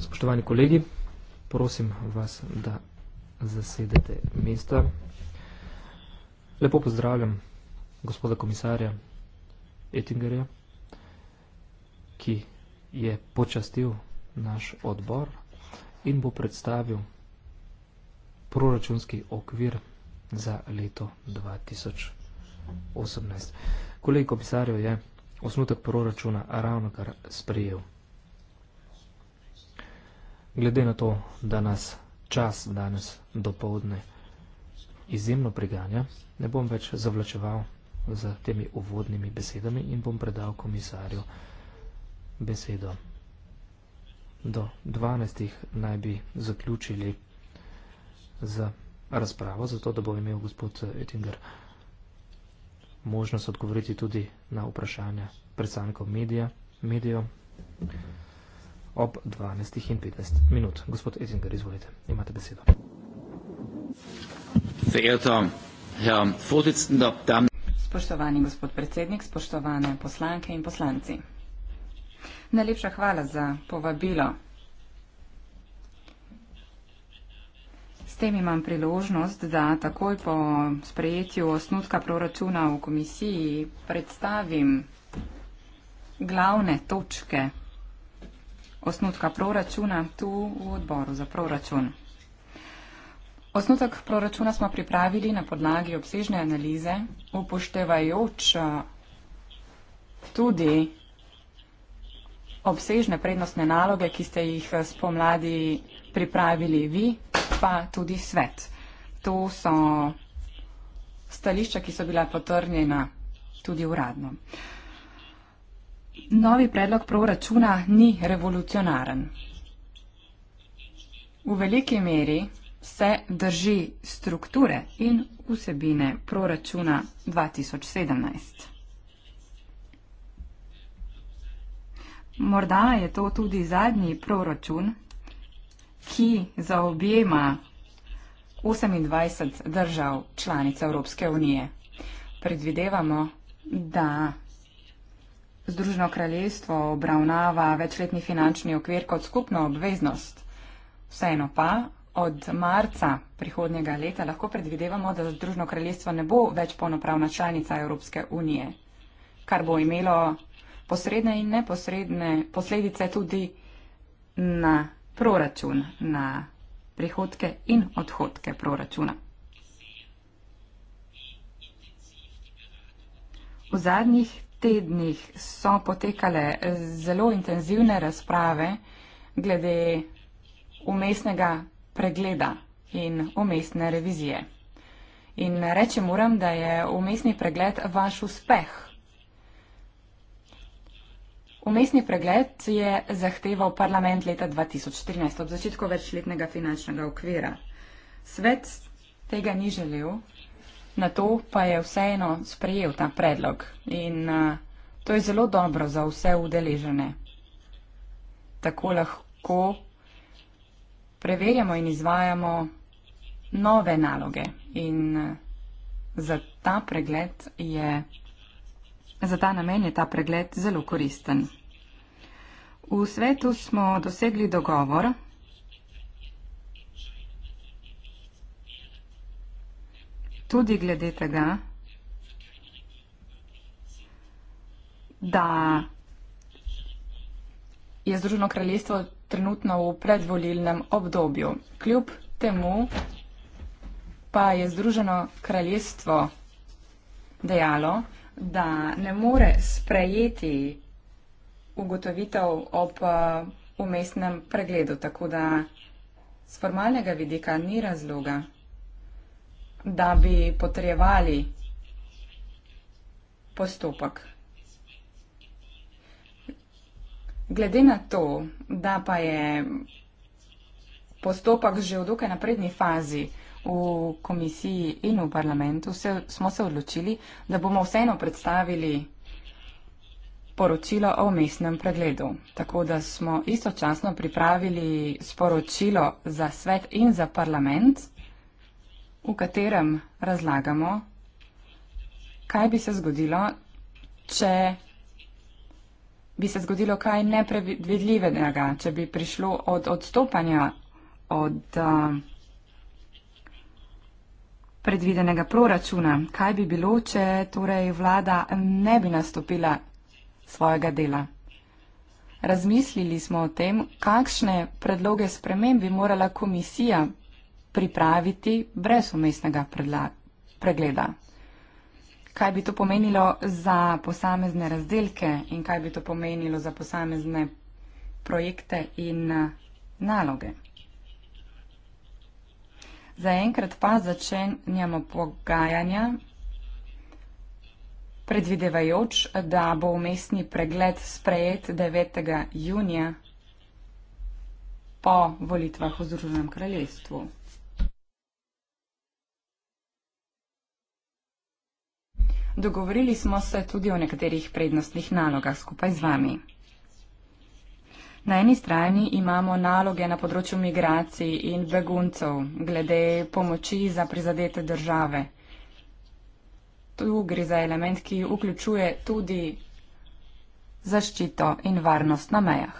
Spoštovani kolegi, prosim vas, da zasedete mesta. Lepo pozdravljam gospoda komisarja Ettingerja, ki je počastil naš odbor in bo predstavil proračunski okvir za leto 2018. Kolej komisarjev je osnutek proračuna ravno kar sprejel. Glede na to, da nas čas danes dopoledne izjemno preganja, ne bom več zavlačeval z temi uvodnimi besedami in bom predal komisarju besedo. Do 12. naj bi zaključili z razpravo, zato da bo imel gospod Ettinger možnost odgovoriti tudi na vprašanja predstavnikov medijev ob 12.15 minut. Gospod Ezinger, izvolite, imate besedo. Spoštovani gospod predsednik, spoštovane poslanke in poslanci. Najlepša hvala za povabilo tem imam priložnost, da takoj po sprejetju osnutka proračuna v komisiji predstavim glavne točke osnutka proračuna tu v odboru za proračun. Osnutek proračuna smo pripravili na podlagi obsežne analize, upoštevajoč tudi obsežne prednostne naloge, ki ste jih spomladi pripravili vi, pa tudi svet. To so stališča, ki so bila potrnjena tudi uradno. Novi predlog proračuna ni revolucionaren. V veliki meri se drži strukture in vsebine proračuna 2017. Morda je to tudi zadnji proračun ki zaobjema 28 držav članic Evropske unije. Predvidevamo, da Združeno kraljestvo obravnava večletni finančni okvir kot skupno obveznost. Vseeno pa od marca prihodnjega leta lahko predvidevamo, da Združeno kraljestvo ne bo več polnopravna članica Evropske unije, kar bo imelo posredne in neposredne posledice tudi na proračun na prihodke in odhodke proračuna. V zadnjih tednih so potekale zelo intenzivne razprave glede umestnega pregleda in umestne revizije. In reči moram, da je umestni pregled vaš uspeh Umestni pregled je zahteval parlament leta 2014 ob začetku večletnega finančnega okvira. Svet tega ni želel, na to pa je vseeno sprejel ta predlog in uh, to je zelo dobro za vse udeležene. Tako lahko preverjamo in izvajamo nove naloge in uh, za ta pregled je. Za ta namen je ta pregled zelo koristen. V svetu smo dosegli dogovor, tudi glede tega, da je Združeno kraljestvo trenutno v predvolilnem obdobju. Kljub temu pa je Združeno kraljestvo dejalo, da ne more sprejeti ugotovitev ob eh, umestnem pregledu. Tako da z formalnega vidika ni razloga, da bi potrjevali postopek. Glede na to, da pa je postopek že v dokaj napredni fazi v komisiji in v parlamentu, se, smo se odločili, da bomo vseeno predstavili poročilo o mestnem pregledu. Tako da smo istočasno pripravili sporočilo za svet in za parlament, v katerem razlagamo, kaj bi se zgodilo, če bi se zgodilo kaj nepredvidljivega, če bi prišlo od odstopanja od predvidenega proračuna, kaj bi bilo, če torej vlada ne bi nastopila svojega dela. Razmislili smo o tem, kakšne predloge sprememb bi morala komisija pripraviti brez umestnega pregleda. Kaj bi to pomenilo za posamezne razdelke in kaj bi to pomenilo za posamezne projekte in naloge. Zaenkrat pa začenjamo pogajanja predvidevajoč, da bo umestni pregled sprejet 9. junija po volitvah v Združenem kraljestvu. Dogovorili smo se tudi o nekaterih prednostnih nalogah skupaj z vami. Na eni strani imamo naloge na področju migracij in beguncev glede pomoči za prizadete države tu gre za element, ki vključuje tudi zaščito in varnost na mejah.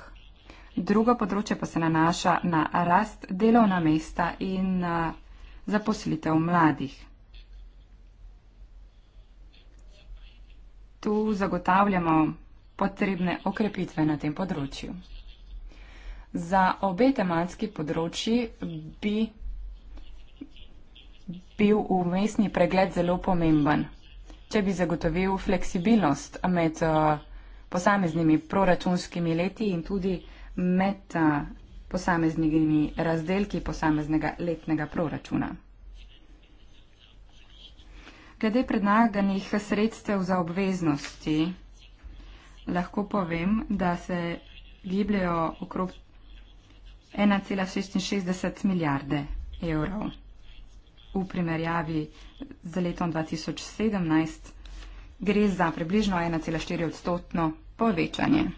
Drugo področje pa se nanaša na rast delovna mesta in na zaposlitev mladih. Tu zagotavljamo potrebne okrepitve na tem področju. Za obe tematski področji bi bil umestni pregled zelo pomemben če bi zagotovil fleksibilnost med uh, posameznimi proračunskimi leti in tudi med uh, posameznimi razdelki posameznega letnega proračuna. Glede prednaganih sredstev za obveznosti lahko povem, da se gibljajo okrog 1,66 milijarde evrov v primerjavi z letom 2017 gre za približno 1,4 odstotno povečanje.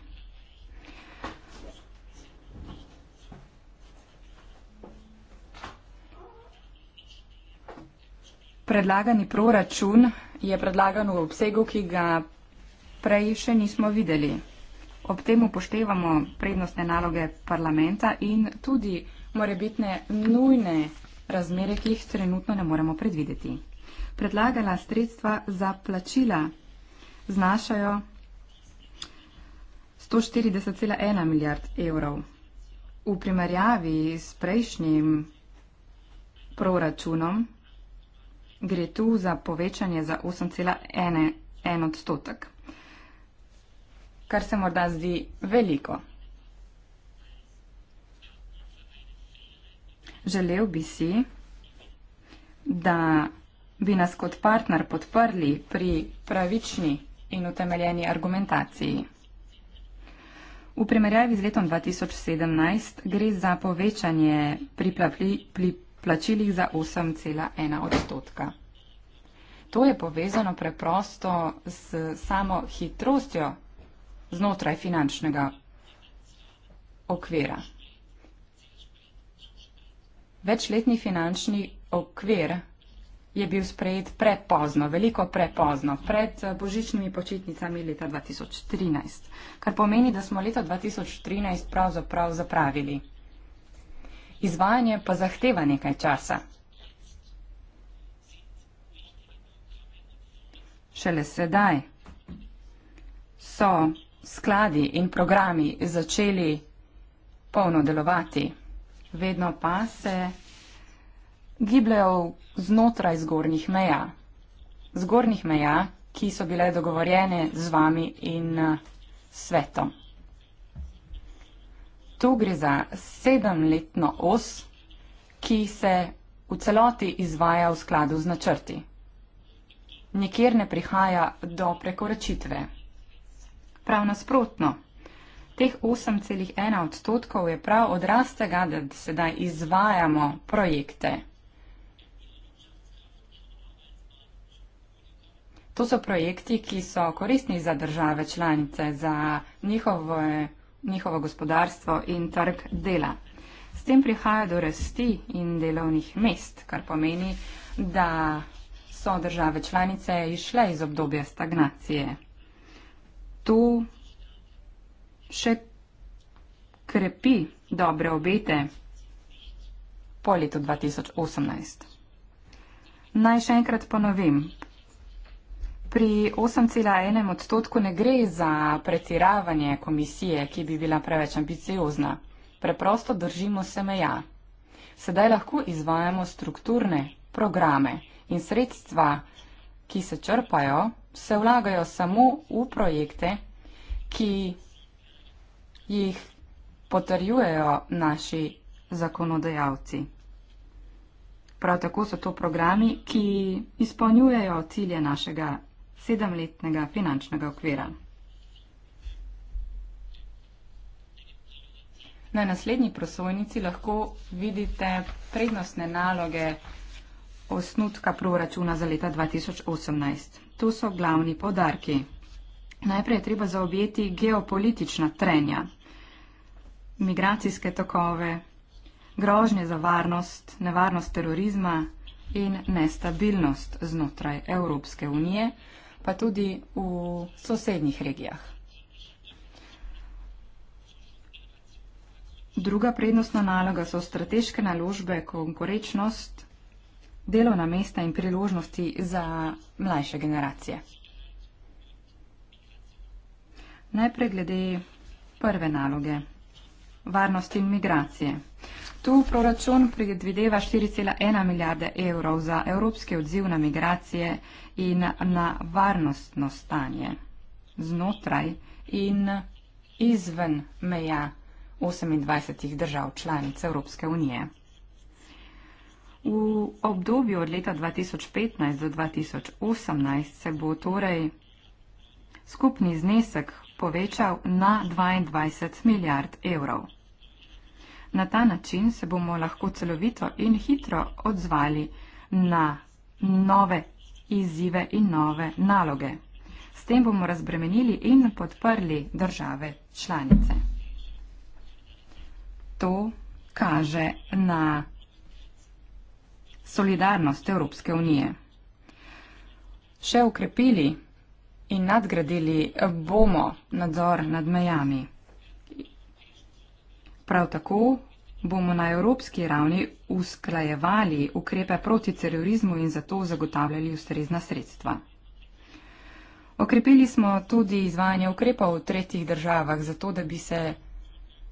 Predlagani proračun je predlagan v obsegu, ki ga prej še nismo videli. Ob tem upoštevamo prednostne naloge parlamenta in tudi morebitne nujne razmere, ki jih trenutno ne moremo predvideti. Predlagana sredstva za plačila znašajo 140,1 milijard evrov. V primerjavi s prejšnjim proračunom gre tu za povečanje za 8,1 odstotek, kar se morda zdi veliko. Želel bi si, da bi nas kot partner podprli pri pravični in utemeljeni argumentaciji. V primerjavi z letom 2017 gre za povečanje pri plačilih za 8,1 odstotka. To je povezano preprosto s samo hitrostjo znotraj finančnega okvira večletni finančni okvir je bil sprejet prepozno, veliko prepozno, pred eh, božičnimi počitnicami leta 2013, kar pomeni, da smo leto 2013 pravzaprav zapravili. Izvajanje pa zahteva nekaj časa. Šele sedaj so skladi in programi začeli polno delovati vedno pa se gibljajo znotraj zgornjih meja. Zgornjih meja, ki so bile dogovorjene z vami in eh, svetom. Tu gre za sedemletno os, ki se v celoti izvaja v skladu z načrti. Nikjer ne prihaja do prekoračitve. Prav nasprotno. Teh 8,1 odstotkov je prav odrast tega, da sedaj izvajamo projekte. To so projekti, ki so koristni za države članice, za njihovo, njihovo gospodarstvo in trg dela. S tem prihaja do rasti in delovnih mest, kar pomeni, da so države članice išle iz obdobja stagnacije. Tu še krepi dobre obete po letu 2018. Naj še enkrat ponovim. Pri 8,1 odstotku ne gre za pretiravanje komisije, ki bi bila preveč ambiciozna. Preprosto držimo se meja. Sedaj lahko izvajamo strukturne programe in sredstva, ki se črpajo, se vlagajo samo v projekte, ki jih potrjujejo naši zakonodajalci. Prav tako so to programi, ki izpolnjujejo cilje našega sedemletnega finančnega okvira. Na naslednji prosojnici lahko vidite prednostne naloge osnutka proračuna za leta 2018. To so glavni podarki. Najprej je treba zaobjeti geopolitična trenja migracijske tokove, grožnje za varnost, nevarnost terorizma in nestabilnost znotraj Evropske unije, pa tudi v sosednjih regijah. Druga prednostna naloga so strateške naložbe, konkurečnost, delovna mesta in priložnosti za mlajše generacije. Najprej glede prve naloge, varnost in migracije. Tu proračun predvideva 4,1 milijarde evrov za evropski odziv na migracije in na varnostno stanje znotraj in izven meja 28 držav članic Evropske unije. V obdobju od leta 2015 do 2018 se bo torej skupni znesek povečal na 22 milijard evrov. Na ta način se bomo lahko celovito in hitro odzvali na nove izzive in nove naloge. S tem bomo razbremenili in podprli države članice. To kaže na solidarnost Evropske unije. Še ukrepili in nadgradili bomo nadzor nad mejami. Prav tako bomo na evropski ravni usklajevali ukrepe proti terorizmu in zato zagotavljali ustrezna sredstva. Okrepili smo tudi izvajanje ukrepov v tretjih državah, zato da bi se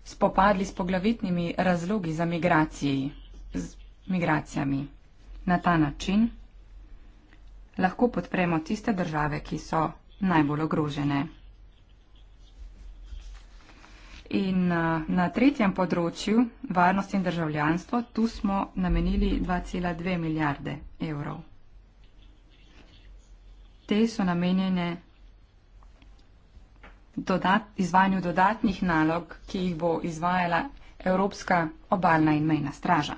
spopadli s poglavitnimi razlogi za migracije, z migracijami. Na ta način lahko podpremo tiste države, ki so najbolj ogrožene. In eh, na tretjem področju, varnost in državljanstvo, tu smo namenili 2,2 milijarde evrov. Te so namenjene dodat, izvajanju dodatnih nalog, ki jih bo izvajala Evropska obaljna in mejna straža.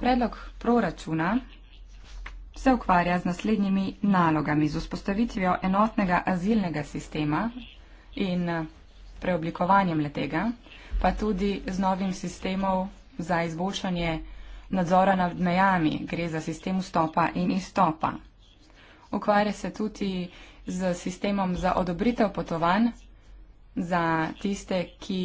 Predlog proračuna se ukvarja z naslednjimi nalogami, z vzpostavitvijo enotnega azilnega sistema in preoblikovanjem letega, pa tudi z novim sistemom za izboljšanje nadzora nad mejami, gre za sistem vstopa in izstopa. Ukvarja se tudi z sistemom za odobritev potovanj za tiste, ki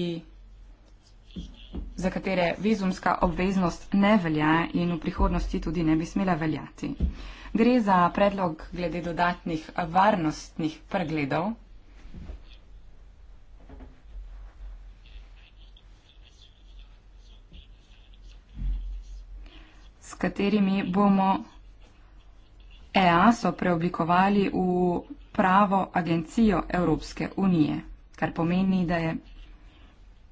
za katere vizumska obveznost ne velja in v prihodnosti tudi ne bi smela veljati. Gre za predlog glede dodatnih varnostnih pregledov. s katerimi bomo EASO preoblikovali v pravo agencijo Evropske unije, kar pomeni, da je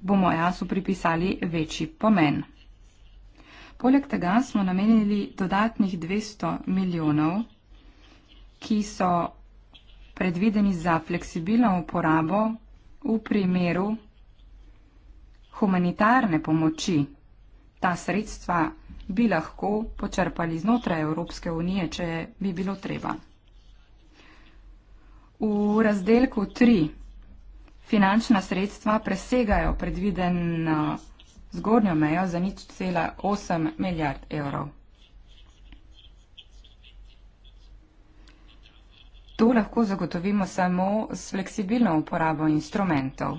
bomo jasu pripisali večji pomen. Poleg tega smo namenili dodatnih 200 milijonov, ki so predvideni za fleksibilno uporabo v primeru humanitarne pomoči. Ta sredstva bi lahko počrpali znotraj Evropske unije, če bi bilo treba. V razdelku 3 finančna sredstva presegajo predvideno zgornjo mejo za nič cela osem milijard evrov. To lahko zagotovimo samo s fleksibilno uporabo instrumentov.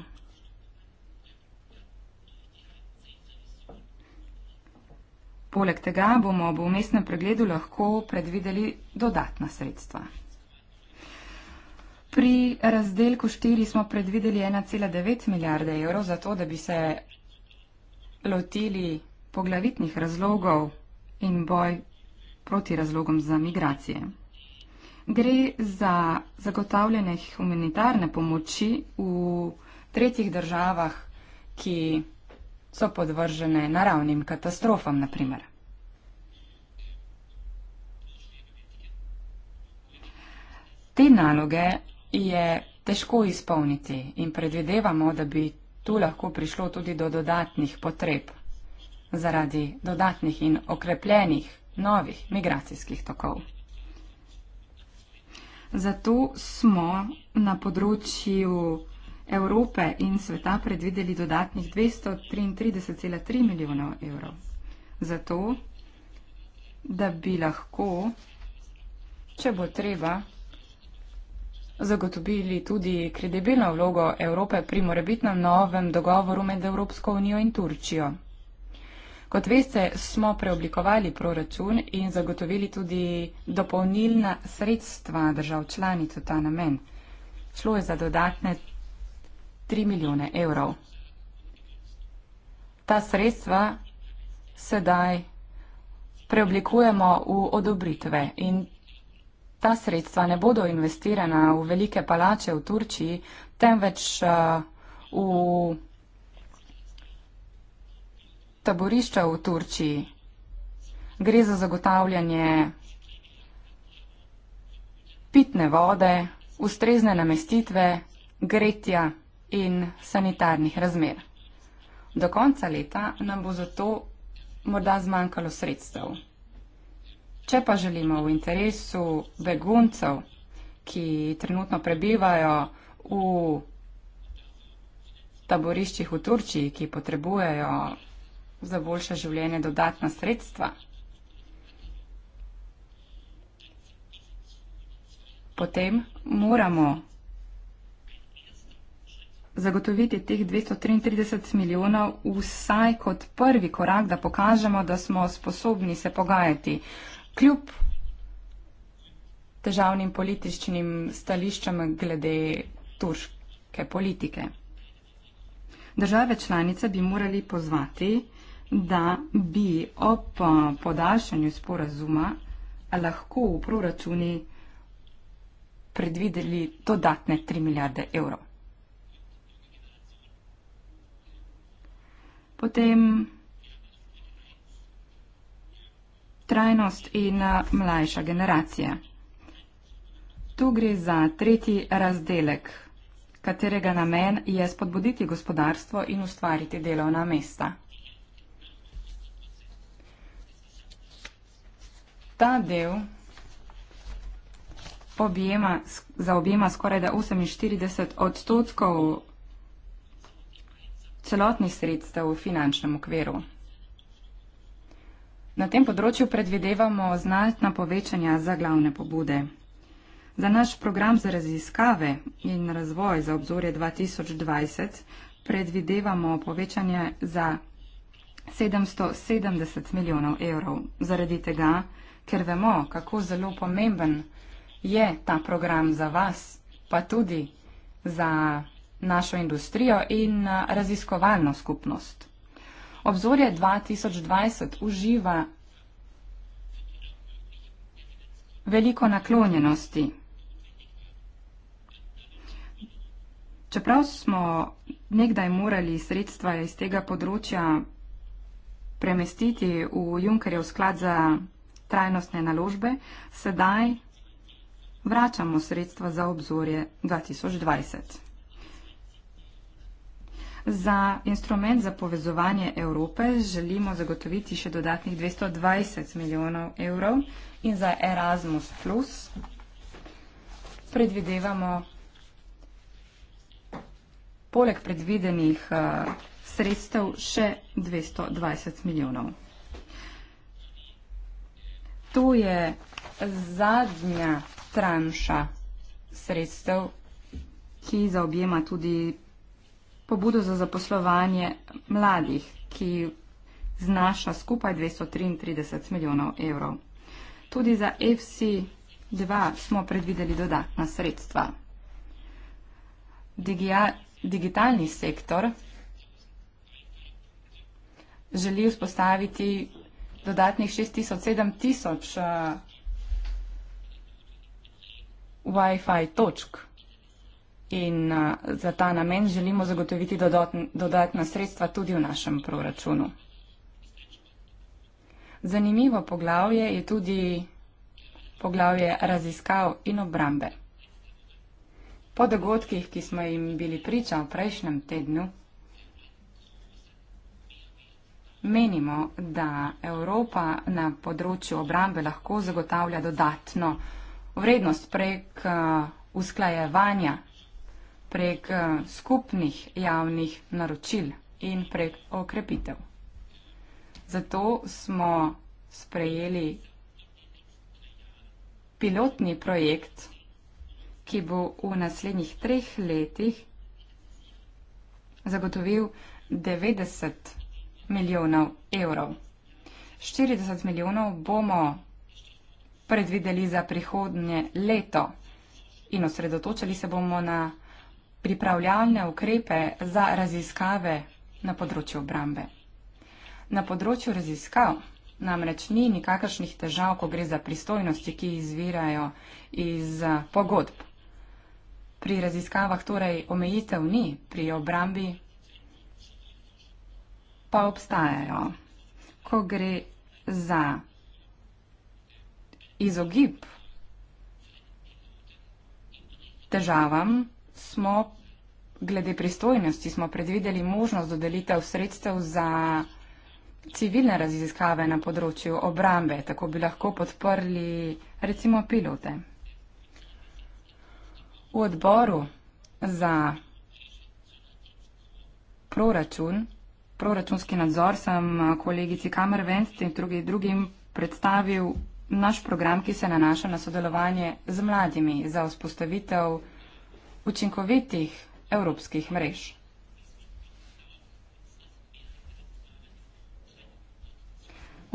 Poleg tega bomo ob umestnem pregledu lahko predvideli dodatna sredstva. Pri razdelku 4 smo predvideli 1,9 milijarde evrov za to, da bi se lotili poglavitnih razlogov in boj proti razlogom za migracije. Gre za zagotavljanje humanitarne pomoči v tretjih državah, ki so podvržene naravnim katastrofam, naprimer. Te naloge je težko izpolniti in predvidevamo, da bi tu lahko prišlo tudi do dodatnih potreb zaradi dodatnih in okrepljenih novih migracijskih tokov. Zato smo na področju Evrope in sveta predvideli dodatnih 233,3 milijonov evrov. Zato, da bi lahko, če bo treba, zagotovili tudi kredibilno vlogo Evrope pri morebitnem novem dogovoru med Evropsko unijo in Turčijo. Kot veste, smo preoblikovali proračun in zagotovili tudi dopolnilna sredstva držav članic v ta namen. Šlo je za dodatne 3 milijone evrov. Ta sredstva sedaj preoblikujemo v odobritve in ta sredstva ne bodo investirana v velike palače v Turčiji, temveč eh, v taborišča v Turčiji. Gre za zagotavljanje pitne vode, ustrezne namestitve, gretja in sanitarnih razmer. Do konca leta nam bo zato morda zmanjkalo sredstev. Če pa želimo v interesu beguncev, ki trenutno prebivajo v taboriščih v Turčiji, ki potrebujejo za boljše življenje dodatna sredstva, potem moramo zagotoviti teh 233 milijonov vsaj kot prvi korak, da pokažemo, da smo sposobni se pogajati kljub težavnim političnim stališčem glede turške politike. Države članice bi morali pozvati, da bi ob podaljšanju sporazuma lahko v proračuni predvideli dodatne 3 milijarde evrov. Potem trajnost in eh, mlajša generacija. Tu gre za tretji razdelek, katerega namen je spodbuditi gospodarstvo in ustvariti delovna mesta. Ta del objema, zaobjema skoraj da 48 odstotkov celotnih sredstev v finančnem okviru. Na tem področju predvidevamo znatna povečanja za glavne pobude. Za naš program za raziskave in razvoj za obzorje 2020 predvidevamo povečanje za 770 milijonov evrov. Zaradi tega, ker vemo, kako zelo pomemben je ta program za vas, pa tudi za našo industrijo in raziskovalno skupnost. Obzorje 2020 uživa veliko naklonjenosti. Čeprav smo nekdaj morali sredstva iz tega področja premestiti v Junkerjev sklad za trajnostne naložbe, sedaj vračamo sredstva za obzorje 2020. Za instrument za povezovanje Evrope želimo zagotoviti še dodatnih 220 milijonov evrov in za Erasmus Plus predvidevamo poleg predvidenih eh, sredstev še 220 milijonov. To je zadnja tranša sredstev, ki zaobjema tudi predvidenih pobudo za zaposlovanje mladih, ki znaša skupaj 233 milijonov evrov. Tudi za FC2 smo predvideli dodatna sredstva. Digija, digitalni sektor želi vzpostaviti dodatnih 6000-7000 uh, eh, Wi-Fi točk in uh, za ta namen želimo zagotoviti dodatn, dodatna sredstva tudi v našem proračunu. Zanimivo poglavje je tudi poglavje raziskav in obrambe. Po dogodkih, ki smo jim bili priča v prejšnjem tednu, menimo, da Evropa na področju obrambe lahko zagotavlja dodatno vrednost prek uh, usklajevanja prek eh, skupnih javnih naročil in prek okrepitev. Zato smo sprejeli pilotni projekt, ki bo v naslednjih treh letih zagotovil 90 milijonov evrov. 40 milijonov bomo predvideli za prihodnje leto in osredotočali se bomo na pripravljalne ukrepe za raziskave na področju obrambe. Na področju raziskav namreč ni nikakršnih težav, ko gre za pristojnosti, ki izvirajo iz eh, pogodb. Pri raziskavah torej omejitev ni, pri obrambi pa obstajajo. Ko gre za izogib težavam, smo glede pristojnosti smo predvideli možnost dodelitev sredstev za civilne raziskave na področju obrambe, tako bi lahko podprli recimo pilote. V odboru za proračun, proračunski nadzor sem kolegici Kamer Venst in drugi, drugim predstavil naš program, ki se nanaša na sodelovanje z mladimi za vzpostavitev učinkovitih evropskih mrež.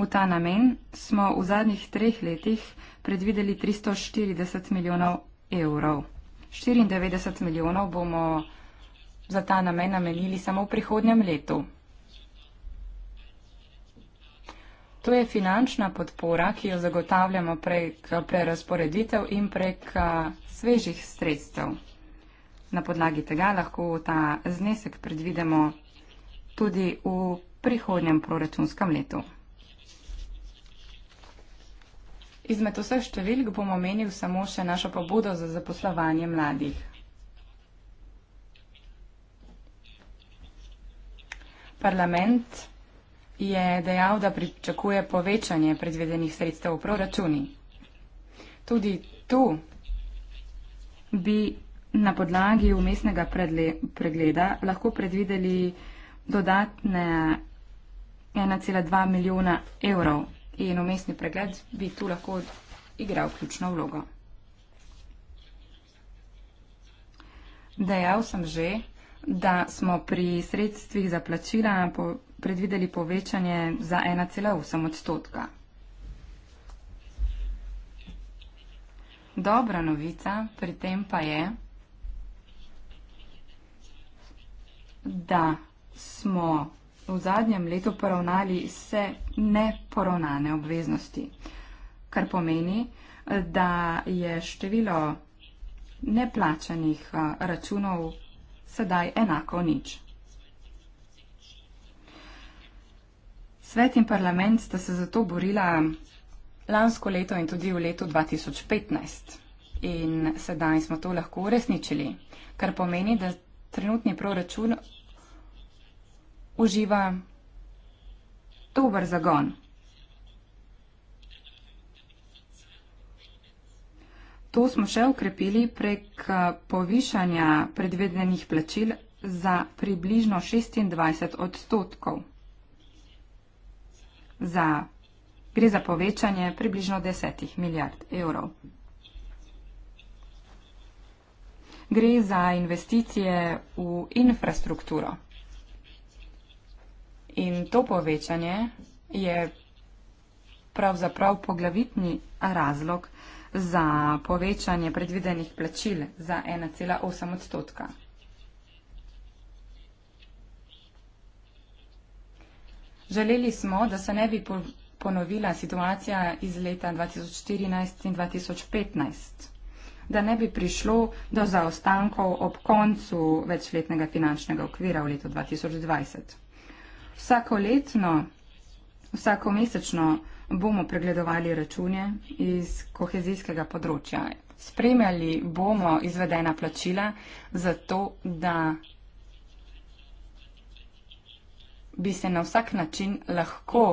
V ta namen smo v zadnjih treh letih predvideli 340 milijonov evrov. 94 milijonov bomo za ta namen namenili samo v prihodnjem letu. To je finančna podpora, ki jo zagotavljamo prek prerasporeditev in prek svežih sredstev na podlagi tega lahko ta znesek predvidemo tudi v prihodnjem proračunskem letu. Izmed vseh številk bom omenil samo še našo pobudo za zaposlovanje mladih. Parlament je dejal, da pričakuje povečanje predvedenih sredstev v proračuni. Tudi tu bi na podlagi umestnega pregleda lahko predvideli dodatne 1,2 milijona evrov in umestni pregled bi tu lahko igral ključno vlogo. Dejal sem že, da smo pri sredstvih za plačila po, predvideli povečanje za 1,8 odstotka. Dobra novica pri tem pa je, da smo v zadnjem letu poravnali vse neporavnane obveznosti, kar pomeni, da je število neplačanih računov sedaj enako nič. Svet in parlament sta se zato borila lansko leto in tudi v letu 2015. In sedaj smo to lahko uresničili, kar pomeni, da trenutni proračun uživa dober zagon. To smo še ukrepili prek eh, povišanja predvedenih plačil za približno 26 odstotkov. Za, gre za povečanje približno 10 milijard evrov. gre za investicije v infrastrukturo. In to povečanje je pravzaprav poglavitni razlog za povečanje predvidenih plačil za 1,8 odstotka. Želeli smo, da se ne bi ponovila situacija iz leta 2014 in 2015 da ne bi prišlo do zaostankov ob koncu večletnega finančnega okvira v letu 2020. Vsako letno, vsako mesečno bomo pregledovali račune iz kohezijskega področja. Spremljali bomo izvedena plačila zato, da bi se na vsak način lahko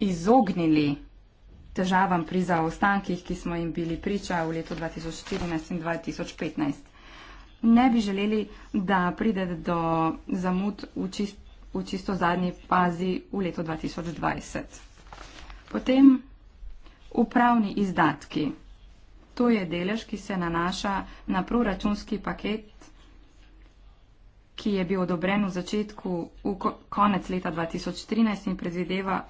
izognili težavam pri zaostankih, ki smo jim bili priča v letu 2014 in 2015. Ne bi želeli, da pride do zamud v, čist, v čisto zadnji fazi v letu 2020. Potem upravni izdatki. To je delež, ki se nanaša na proračunski paket, ki je bil odobren v začetku, v konec leta 2013 in predvideva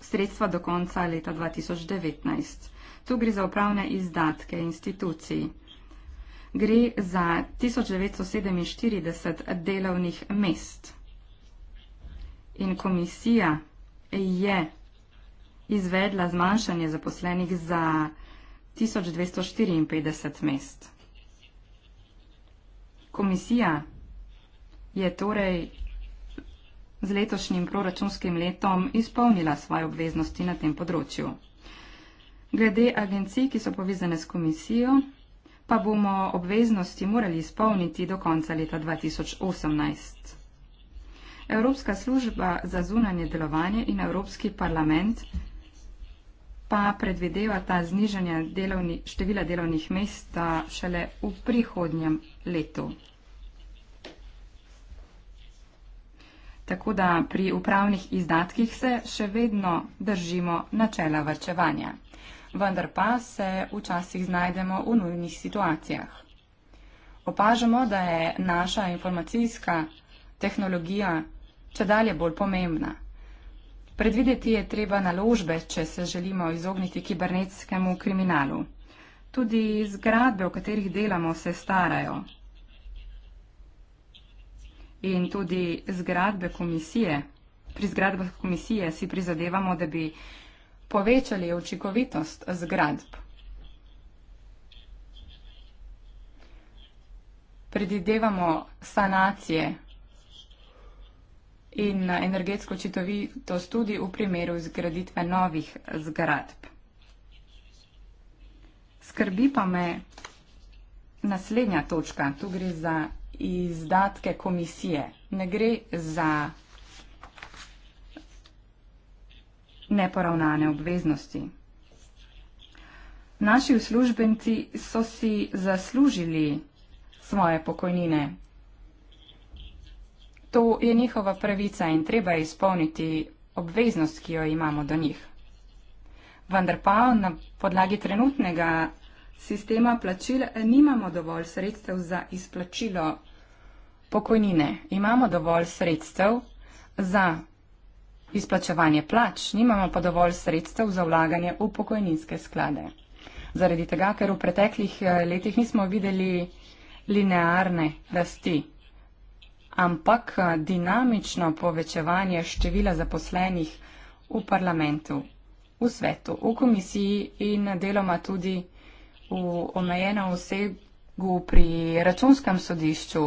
sredstva do konca leta 2019. Tu gre za upravne izdatke institucij. Gre za 1947 delovnih mest. In komisija je izvedla zmanjšanje zaposlenih za 1254 mest. Komisija je torej z letošnjim proračunskim letom izpolnila svoje obveznosti na tem področju. Glede agencij, ki so povezane s komisijo, pa bomo obveznosti morali izpolniti do konca leta 2018. Evropska služba za zunanje delovanje in Evropski parlament pa predvideva ta znižanje delovni, števila delovnih mest šele v prihodnjem letu. Tako da pri upravnih izdatkih se še vedno držimo načela vrčevanja. Vendar pa se včasih znajdemo v nujnih situacijah. Opažamo, da je naša informacijska tehnologija če dalje bolj pomembna. Predvideti je treba naložbe, če se želimo izogniti kibernetskemu kriminalu. Tudi zgradbe, v katerih delamo, se starajo, in tudi zgradbe komisije. Pri zgradbah komisije si prizadevamo, da bi povečali učinkovitost zgradb. Predidevamo sanacije in energetsko učinkovitost tudi v primeru zgraditve novih zgradb. Skrbi pa me naslednja točka, tu gre za izdatke komisije. Ne gre za neporavnane obveznosti. Naši uslužbenci so si zaslužili svoje pokojnine. To je njihova pravica in treba je izpolniti obveznost, ki jo imamo do njih. Vendar pa na podlagi trenutnega sistema plačil eh, nimamo dovolj sredstev za izplačilo pokojnine, imamo dovolj sredstev za izplačevanje plač, nimamo pa dovolj sredstev za vlaganje v pokojninske sklade. Zaradi tega, ker v preteklih eh, letih nismo videli linearne rasti, ampak eh, dinamično povečevanje števila zaposlenih v parlamentu, v svetu, v komisiji in deloma tudi v omejeno vsegu pri računskem sodišču,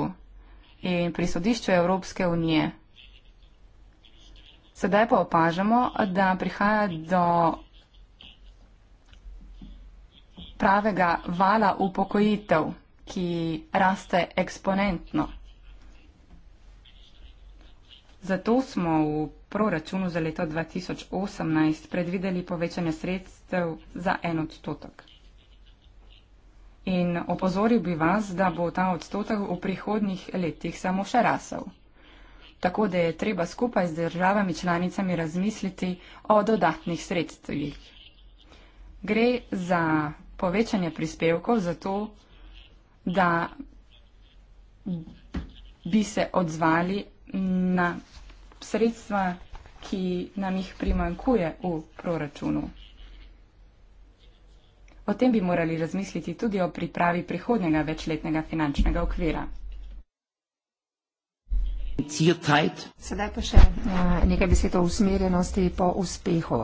in pri sodišču Evropske unije. Sedaj pa opažamo, da prihaja do pravega vala upokojitev, ki raste eksponentno. Zato smo v proračunu za leto 2018 predvideli povečanje sredstev za en odstotek. In opozoril bi vas, da bo ta odstotek v prihodnih letih samo še rasel. Tako da je treba skupaj z državami članicami razmisliti o dodatnih sredstvih. Gre za povečanje prispevkov za to, da bi se odzvali na sredstva, ki nam jih primankuje v proračunu. O tem bi morali razmisliti tudi o pripravi prihodnjega večletnega finančnega okvira. Sedaj pa še eh, nekaj besed o usmerjenosti po uspehu.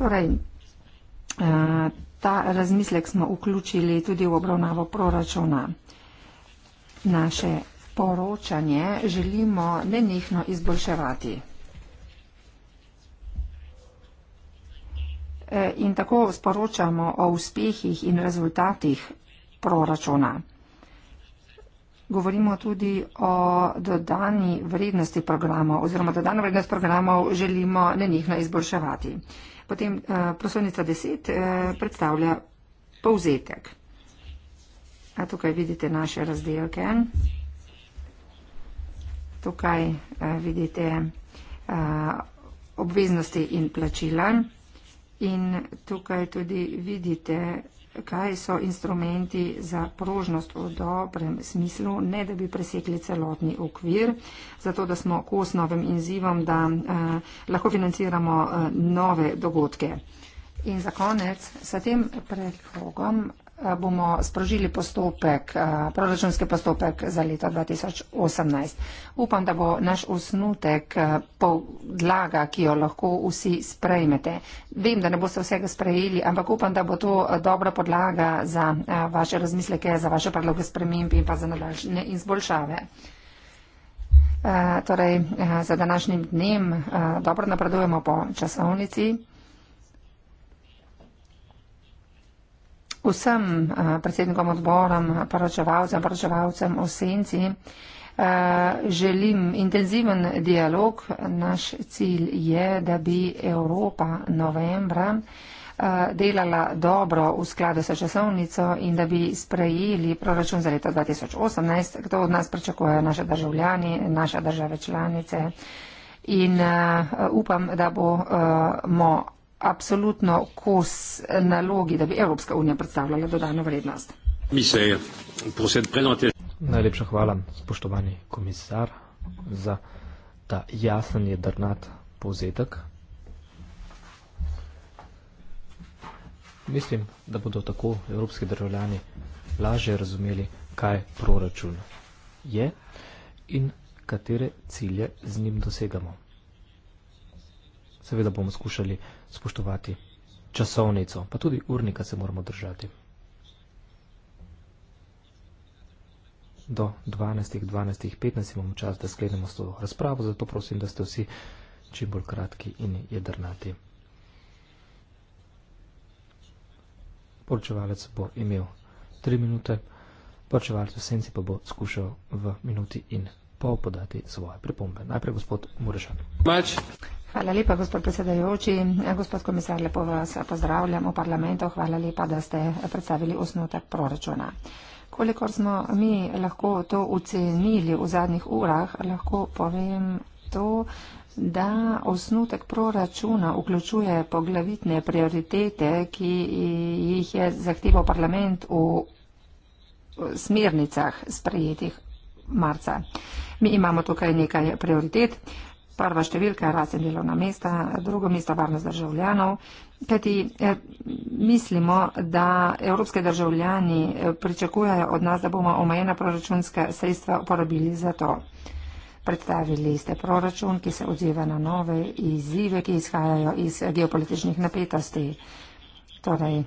Torej, eh, ta razmislek smo vključili tudi v obravnavo proračuna. Naše poročanje želimo nenehno izboljševati. Eh, in tako sporočamo o uspehih in rezultatih proračuna. Govorimo tudi o dodani vrednosti programa oziroma dodano vrednost programov želimo nenihno izboljševati. Potem eh, poslovnica 10 eh, predstavlja povzetek. A tukaj vidite naše razdelke. Tukaj eh, vidite eh, obveznosti in plačila. In tukaj tudi vidite, kaj so instrumenti za prožnost v dobrem smislu, ne da bi presekli celotni okvir, zato da smo kos novim inzivom, da eh, lahko financiramo eh, nove dogodke. In za konec, s tem predlogom Eh, bomo sprožili postopek, eh, proračunski postopek za leto 2018. Upam, da bo naš osnutek eh, podlaga, ki jo lahko vsi sprejmete. Vem, da ne boste vsega sprejeli, ampak upam, da bo to dobra podlaga za vaše razmisleke, za vaše predloge sprememb in pa za nadaljne izboljšave. Torej, za današnjim dnem dobro napredujemo po časovnici. vsem eh, predsednikom odborom, poročevalcem, poročevalcem o senci. Eh, želim intenziven dialog. Naš cilj je, da bi Evropa novembra eh, delala dobro v skladu s časovnico in da bi sprejeli proračun za leto 2018, kdo od nas pričakuje naše državljani, naše države članice. In uh, upam, da bomo uh, absolutno kos nalogi, da bi Evropska unija predstavljala dodano vrednost. Najlepša hvala, spoštovani komisar, za ta jasen je drnat povzetek. Mislim, da bodo tako evropski državljani lažje razumeli, kaj proračun je in katere cilje z njim dosegamo seveda bomo skušali spoštovati časovnico, pa tudi urnika se moramo držati. Do 12.12.15 .12 imamo čas, da sklenemo s to razpravo, zato prosim, da ste vsi čim bolj kratki in jedrnati. Poročevalec bo imel tri minute, poročevalec v senci pa bo skušal v minuti in pol podati svoje pripombe. Najprej gospod Murešan. Hvala lepa, gospod predsedajoči. Gospod komisar, lepo vas pozdravljam v parlamentu. Hvala lepa, da ste predstavili osnutek proračuna. Kolikor smo mi lahko to ocenili v zadnjih urah, lahko povem to, da osnutek proračuna vključuje poglavitne prioritete, ki jih je zahteval parlament v smernicah sprejetih marca. Mi imamo tukaj nekaj prioritet prva številka rase in delovna mesta, drugo mesto varnost državljanov. Kajti eh, mislimo, da evropske državljani eh, pričakujejo od nas, da bomo omejena proračunska sredstva uporabili za to. Predstavili ste proračun, ki se odziva na nove izzive, ki izhajajo iz geopolitičnih napetosti. Torej,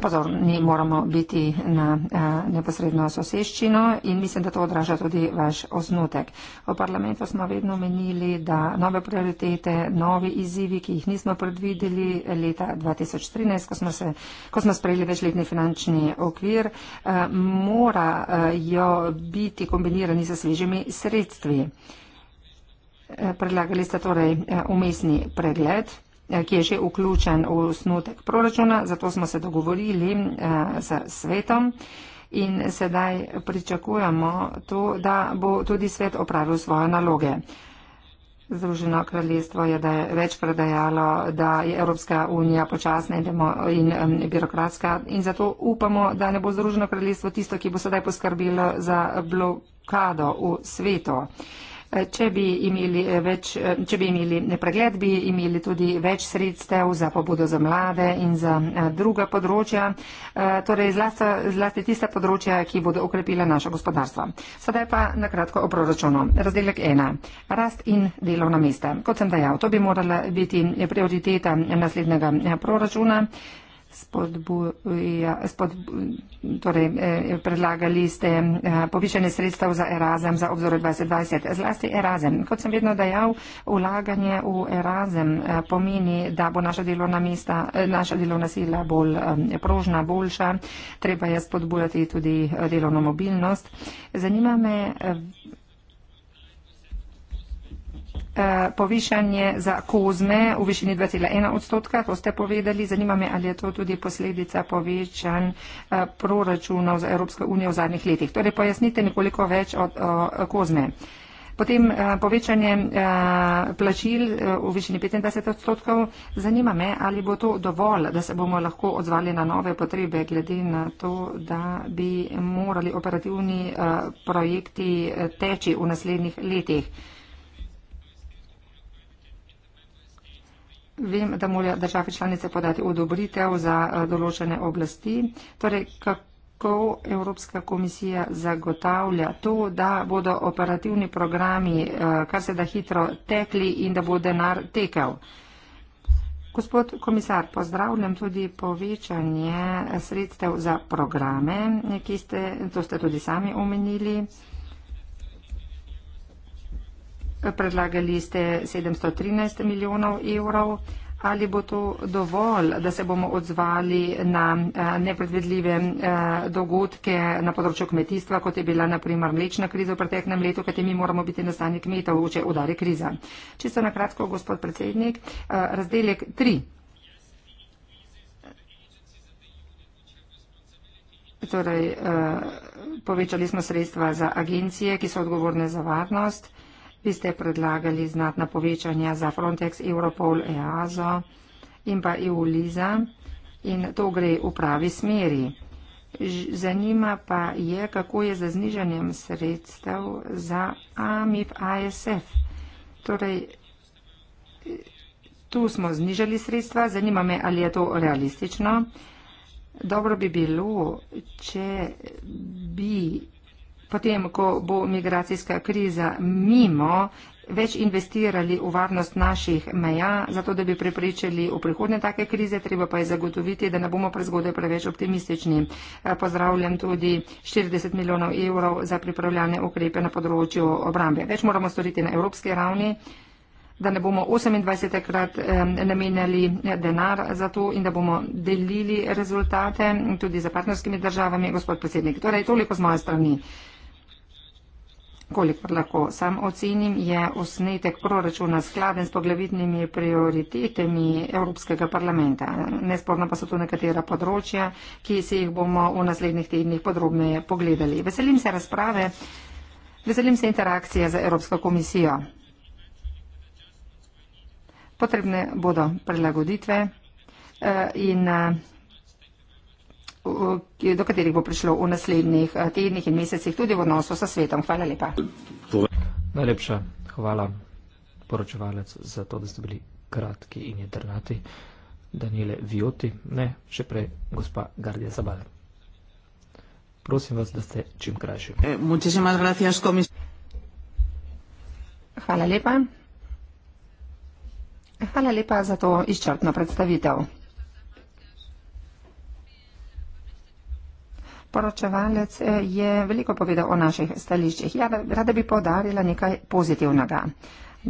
Pozor, mi moramo biti na a, eh, neposredno soseščino in mislim, da to odraža tudi vaš osnutek. V parlamentu smo vedno menili, da nove prioritete, novi izzivi, ki jih nismo predvideli leta 2013, ko smo, se, ko smo sprejeli večletni finančni okvir, a, eh, morajo eh, biti kombinirani s svežimi sredstvi. Predlagali ste torej umestni pregled. Eh, ki je že vključen v snutek proračuna, zato smo se dogovorili z eh, svetom. In sedaj pričakujemo to, da bo tudi svet opravil svoje naloge. Združeno kraljestvo je da je večkrat dejalo, da je Evropska unija počasna in, demo, in um, birokratska in zato upamo, da ne bo Združeno kraljestvo tisto, ki bo sedaj poskrbilo za blokado v svetu. Uh, Če bi imeli, eh, več, eh, če bi imeli pregled, bi imeli tudi več sredstev za pobudo za mlade in za eh, druga področja, torej zlasti, zlasti tiste področja, ki bodo okrepile naše gospodarstvo. Sedaj pa nakratko o proračunu. Razdelek 1. Rast in delovna mesta. Kot sem dejal, to bi morala biti prioriteta naslednjega proračuna torej, eh, predlagali ste eh, povišanje sredstev za Erasem za obzore 2020. Zlasti Erasem. Kot sem vedno dejal, ulaganje v Erasem eh, pomeni, da bo naša delovna, mesta, eh, naša delovna sila bolj eh, prožna, boljša. Treba je spodbujati tudi eh, delovno mobilnost. Zanima me. Eh, Eh, povišanje za kozme v višini 2,1 odstotka, to ste povedali. Zanima me, ali je to tudi posledica povečanj eh, proračunov za Evropsko unijo v zadnjih letih. Torej pojasnite nekoliko več o, o kozme. Potem a, eh, povečanje a, plačil a, v višini 25 odstotkov. Zanima me, ali bo to dovolj, da se bomo lahko odzvali na nove potrebe, glede na to, da bi morali operativni a, projekti teči v naslednjih letih. A, vem, da morajo države članice podati odobritev za eh, določene oblasti. Torej, kako Evropska komisija zagotavlja to, da bodo operativni programi eh, kar se da hitro tekli in da bo denar tekel? Gospod komisar, pozdravljam tudi povečanje eh, sredstev za programe, ki ste, to ste tudi sami omenili predlagali ste 713 milijonov evrov. Ali bo to dovolj, da se bomo odzvali na eh, nepredvedljive eh, dogodke na področju kmetijstva, kot je bila naprimer mlečna kriza v preteklem letu, kajti mi moramo biti na stanje kmetov, če udari kriza. Čisto na kratko, gospod predsednik, eh, razdelek 3. Torej, povečali smo sredstva za agencije, ki so odgovorne za varnost. Vi ste predlagali znatna povečanja za Frontex, Europol, EASO in pa EULIZA in to gre v pravi smeri. Zanima pa je, kako je za znižanjem sredstev za AMIP ASF. Torej, tu smo znižali sredstva, zanima me, ali je to realistično. Dobro bi bilo, če bi potem ko bo migracijska kriza mimo, več investirali v varnost naših meja, zato da bi prepričali v prihodne take krize, treba pa je zagotoviti, da ne bomo prezgodaj preveč optimistični. Eh, pozdravljam tudi 40 milijonov evrov za pripravljane ukrepe na področju obrambe. Več moramo storiti na evropski ravni da ne bomo 28-krat eh, namenjali eh, denar za to in da bomo delili rezultate tudi za partnerskimi državami, gospod predsednik. Torej, toliko z moje strani. Eh, kolikor lahko sam ocenim, je osnetek proračuna skladen s poglavitnimi prioritetami Evropskega parlamenta. Nesporno pa so tu nekatera področja, ki se jih bomo v naslednjih tednih podrobneje pogledali. Veselim se razprave, veselim se interakcije z Evropsko komisijo. Potrebne bodo prilagoditve eh, in. Uh, do katerih bo prišlo v naslednjih eh, tednih in mesecih tudi v odnosu sa svetom. Hvala lepa. Najlepša hvala, poročevalec, za to, da ste bili kratki in jedrnati. Daniele Vioti, ne, še prej gospa Gardija Zabale. Prosim vas, da ste čim krajši. Eh, hvala lepa. Hvala lepa za to izčrpno predstavitev. poročevalec eh, je veliko povedal o naših stališčih. Ja, rada bi podarila nekaj pozitivnega.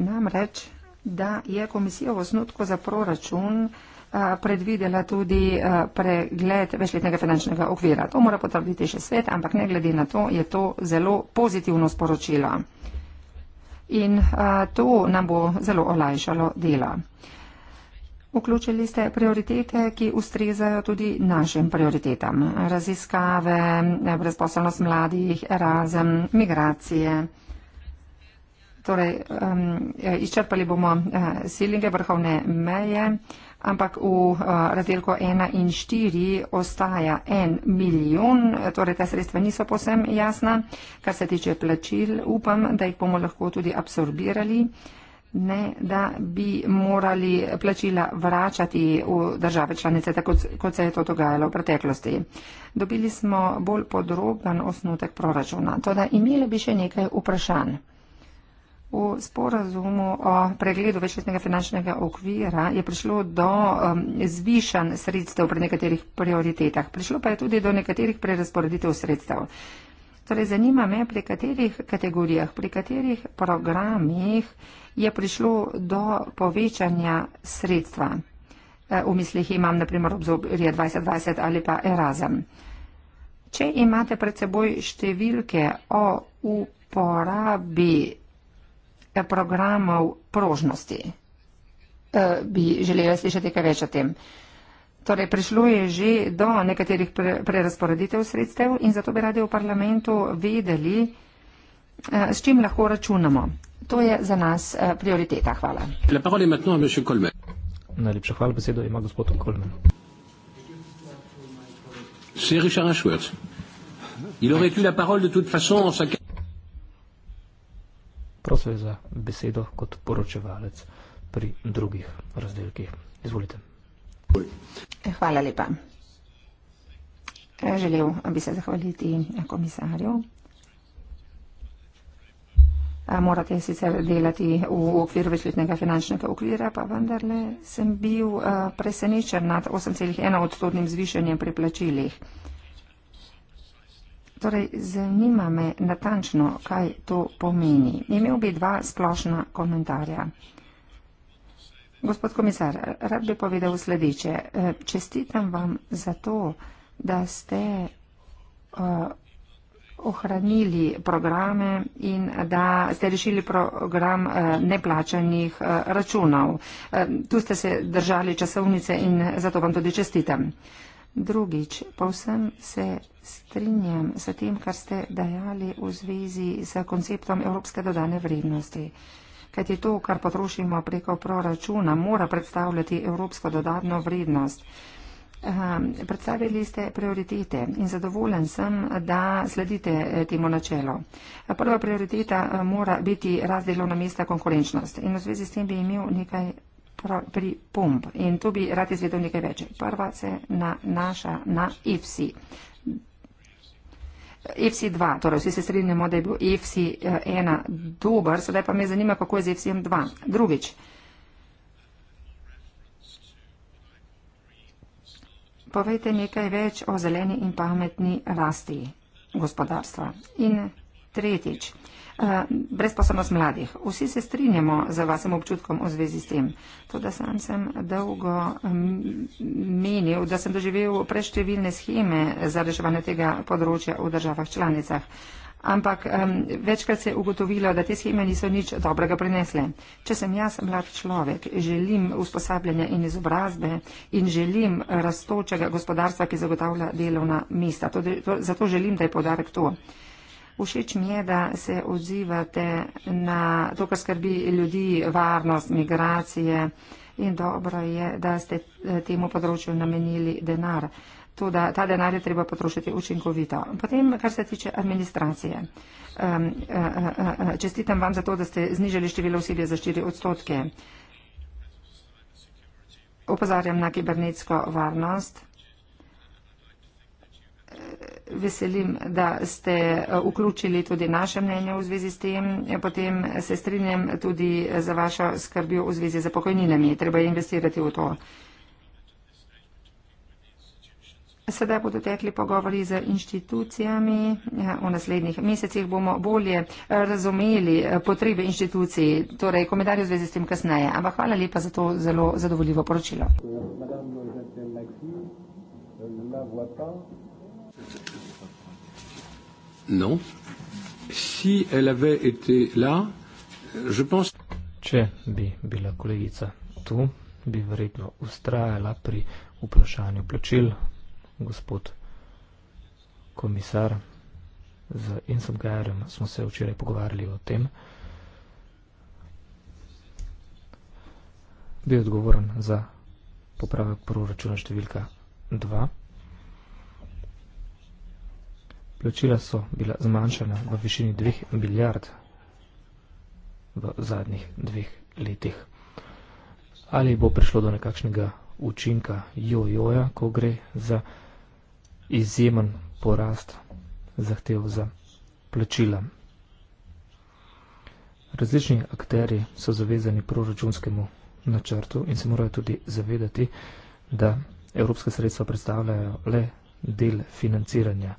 Namreč, da je komisija v osnutku za proračun eh, predvidela tudi eh, pregled večletnega finančnega okvira. To mora potrditi še svet, ampak ne glede na to, je to zelo pozitivno sporočilo. In to nam bo zelo olajšalo dela. Vključili ste prioritete, ki ustrezajo tudi našim prioritetam. Raziskave, brezposelnost mladih, razem, migracije. Torej, um, izčrpali bomo uh, silinge vrhovne meje, ampak v uh, razdelku 1 in 4 ostaja 1 milijon, torej ta sredstva niso posem jasna. Kar se tiče plačil, upam, da jih bomo lahko tudi absorbirali. Uh, ne da bi morali plačila vračati v države članice, tako kot se je to dogajalo v preteklosti. Dobili smo bolj podroben osnutek proračuna. Toda imeli bi še nekaj vprašanj. V sporazumu o pregledu večletnega finančnega okvira je prišlo do um, zvišan sredstev pri nekaterih prioritetah. Prišlo pa je tudi do nekaterih prerasporeditev sredstev. Torej, zanima me, pri katerih kategorijah, pri katerih programih uh, je prišlo do povečanja sredstva. E, v mislih imam naprimer obzorje 2020 ali pa Erasem. Če imate pred seboj številke o uporabi e, programov prožnosti, e, bi želela slišati kaj več o tem. Torej, prišlo je že do nekaterih prerasporeditev sredstev in zato bi radi v parlamentu vedeli, s čim lahko računamo. To je za nas eh, prioriteta. Hvala. Najlepša hvala, besedo ima gospod Kolmen. Prosim za besedo kot poročevalec pri drugih razdelkih. Izvolite. Eh, hvala lepa. Eh, želel bi se zahvaliti komisarju. Eh, morate sicer delati v okviru večletnega finančnega okvira, pa vendarle sem bil eh, presenečen nad 8,1 odstotnim zvišanjem pri plačilih. Torej, zanima me natančno, kaj to pomeni. Imel bi dva splošna komentarja. Gospod komisar, rad bi povedal sledeče. Eh, čestitam vam za to, da ste ohranili programe in da ste rešili program eh, neplačanih eh, računov. Eh, tu ste se držali časovnice in zato vam tudi čestitam. Drugič, pa vsem se strinjam s tem, kar ste dajali v zvezi s konceptom evropske dodane vrednosti. Kaj je to, kar potrošimo preko proračuna, mora predstavljati evropsko dodano vrednost. Ehm, predstavili ste prioritete in zadovoljen sem, da sledite eh, temu načelu. Prva prioriteta eh, mora biti razdelovna mesta konkurenčnost in v zvezi s tem bi imel nekaj pri pomp in tu bi rad izvedel nekaj več. Prva se nanaša na IFSI. IFSI 2, torej vsi se strinjamo, da je bil IFSI 1 eh, dober, sedaj pa me zanima, kako je z IFSI 2. Drugič. Povejte nekaj več o zeleni in pametni rasti gospodarstva. In tretjič, eh, brezposobnost mladih. Vsi se strinjamo z vašim občutkom v zvezi s tem. To, da sam sem dolgo mm, menil, da sem doživel preštevilne scheme za reševanje tega področja v državah članicah ampak um, večkrat se je ugotovilo, da te scheme niso nič dobrega prinesle. Če sem jaz mlad človek, želim usposabljanja in izobrazbe in želim raztočega gospodarstva, ki zagotavlja delovna mesta. Zato želim, da je podarek to. Všeč mi je, da se odzivate na to, kar skrbi ljudi, varnost, migracije in dobro je, da ste eh, temu področju namenili denar to, da ta denar je treba potrošiti učinkovito. Potem, kar se tiče administracije. Um, uh, uh, uh, čestitam vam za to, da ste znižali število osebja za 4 odstotke. Opozarjam na kibernetsko varnost. Veselim, da ste vključili tudi naše mnenje v zvezi s tem. Potem se strinjam tudi za vašo skrbjo v zvezi z pokojninami. Treba je investirati v to. Sedaj bodo tekli pogovori z inštitucijami. V naslednjih mesecih bomo bolje razumeli potrebe inštitucij, torej komentarje v zvezi s tem kasneje. Ampak hvala lepa za to zelo zadovoljivo poročilo. No. Si la, pense... Če bi bila kolegica tu, bi verjetno ustrajala pri vprašanju plačil gospod komisar, z Insom Gajerjem smo se včeraj pogovarjali o tem, bi odgovoren za popravek proračuna številka 2. Plačila so bila zmanjšana v višini 2 milijard v zadnjih dveh letih. Ali bo prišlo do nekakšnega učinka jojoja, ko gre za proračuna, izjemen porast zahtev za plačila. Različni akteri so zavezani proračunskemu načrtu in se morajo tudi zavedati, da evropske sredstva predstavljajo le del financiranja.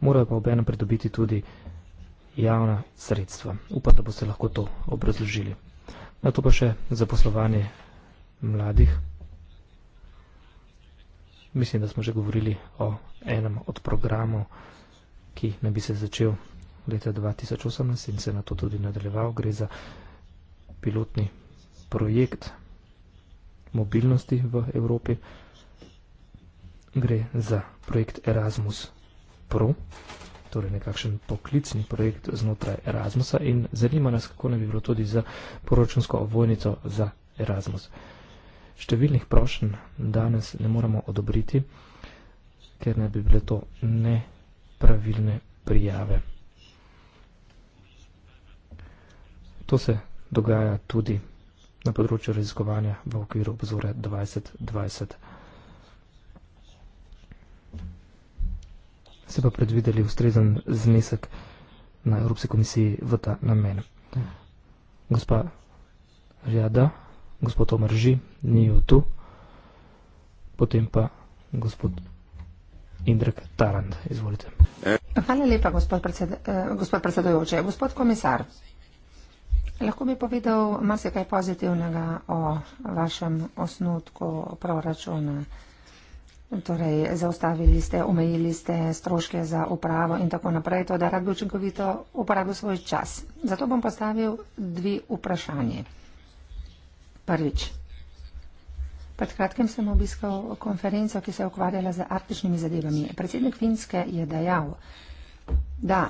Morajo pa obenem pridobiti tudi javna sredstva. Upam, da boste lahko to obrazložili. Na to pa še zaposlovanje mladih mislim, da smo že govorili o enem od programov, ki naj bi se začel leta 2018 in se na to tudi nadaljeval. Gre za pilotni projekt mobilnosti v Evropi. Gre za projekt Erasmus Pro, torej nekakšen poklicni projekt znotraj Erasmusa in zanima nas, kako naj bi bilo tudi za poročunsko ovojnico za Erasmus številnih prošenj danes ne moremo odobriti, ker ne bi bile to nepravilne prijave. To se dogaja tudi na področju raziskovanja v okviru obzore 2020. Se pa predvideli ustrezen znesek na Evropske komisiji v ta namen. Gospa Žiada. Ja, gospod omrži, ni ju tu, potem pa gospod Indrek Tarand, izvolite. Eh, hvala lepa, gospod, predsed, eh, gospod predsedojoče. Gospod komisar, lahko bi povedal marsikaj pozitivnega o vašem osnutku proračuna. Torej, zaustavili ste, omejili ste stroške za upravo in tako naprej, to da rad bi učinkovito uporabil svoj čas. Zato bom postavil dve vprašanje prvič. Pred kratkim sem obiskal konferenco, ki se je ukvarjala z arktičnimi zadevami. Predsednik Finske je dejal, da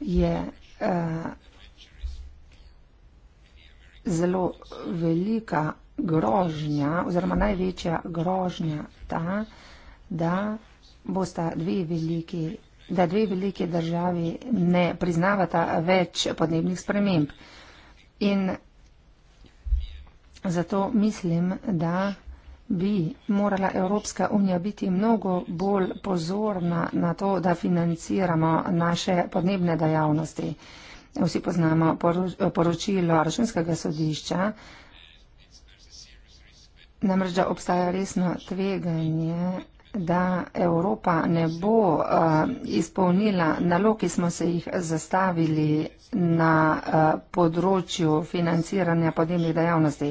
je uh, zelo velika grožnja oziroma največja grožnja ta, da bosta dve veliki, da dve veliki državi ne priznavata več podnebnih sprememb. In Zato mislim, da bi morala Evropska unija biti mnogo bolj pozorna na to, da financiramo naše podnebne dejavnosti. Vsi poznamo poročilo Računskega sodišča, namreč, da obstaja resno tveganje, da Evropa ne bo uh, izpolnila nalog, ki smo se jih zastavili na eh, področju financiranja podnebnih dejavnosti.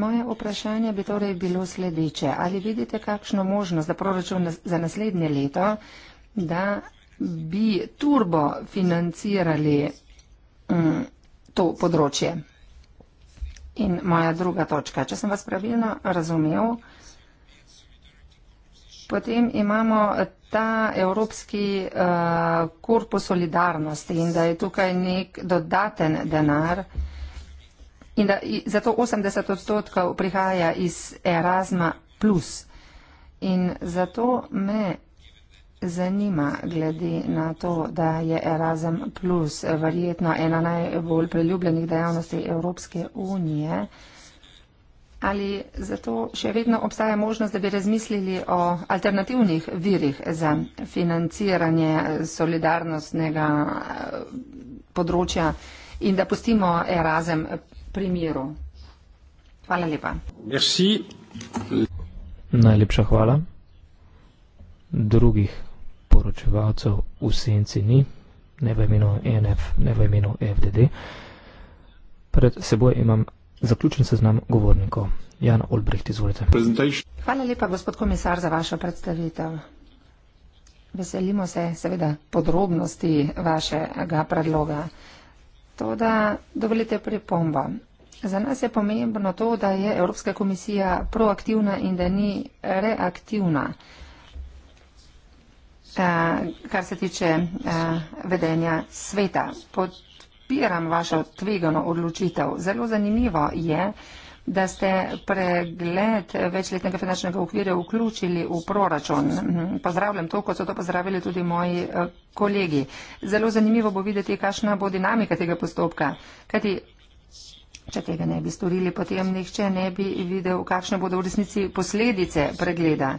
Moje vprašanje bi torej bilo sledeče. Ali vidite kakšno možnost za proračun za naslednje leto, da bi turbo financirali um, to področje? In moja druga točka. Če sem vas pravilno razumel, potem imamo ta evropski uh, korpus solidarnosti in da je tukaj nek dodaten denar in da zato 80 odstotkov prihaja iz Erasma plus. In zato me zanima, glede na to, da je Erasm plus verjetno ena najbolj priljubljenih dejavnosti Evropske unije, uh, Ali zato še vedno obstaja možnost, da bi razmislili o alternativnih virih za financiranje solidarnostnega eh, področja in da pustimo Erasem pri miru? Hvala lepa. Merci. Najlepša hvala. Drugih poročevalcev v senci ni, ne v imenu e NF, ne v imenu e FDD. Pred seboj imam Zaključen seznam govornikov. Jan Olbricht, izvolite. Hvala lepa, gospod komisar, za vašo predstavitev. Veselimo se seveda podrobnosti vašega predloga. To, da dovolite pripomba. Za nas je pomembno to, da je Evropska komisija proaktivna in da ni reaktivna, eh, kar se tiče eh, vedenja sveta podpiram vašo tvegano odločitev. Zelo zanimivo je, da ste pregled večletnega finančnega okvirja vključili v proračun. Pozdravljam to, kot so to pozdravili tudi moji eh, kolegi. Zelo zanimivo bo videti, kakšna bo dinamika tega postopka. Kajti, če tega ne bi storili, potem nihče ne bi videl, kakšne bodo v resnici posledice pregleda.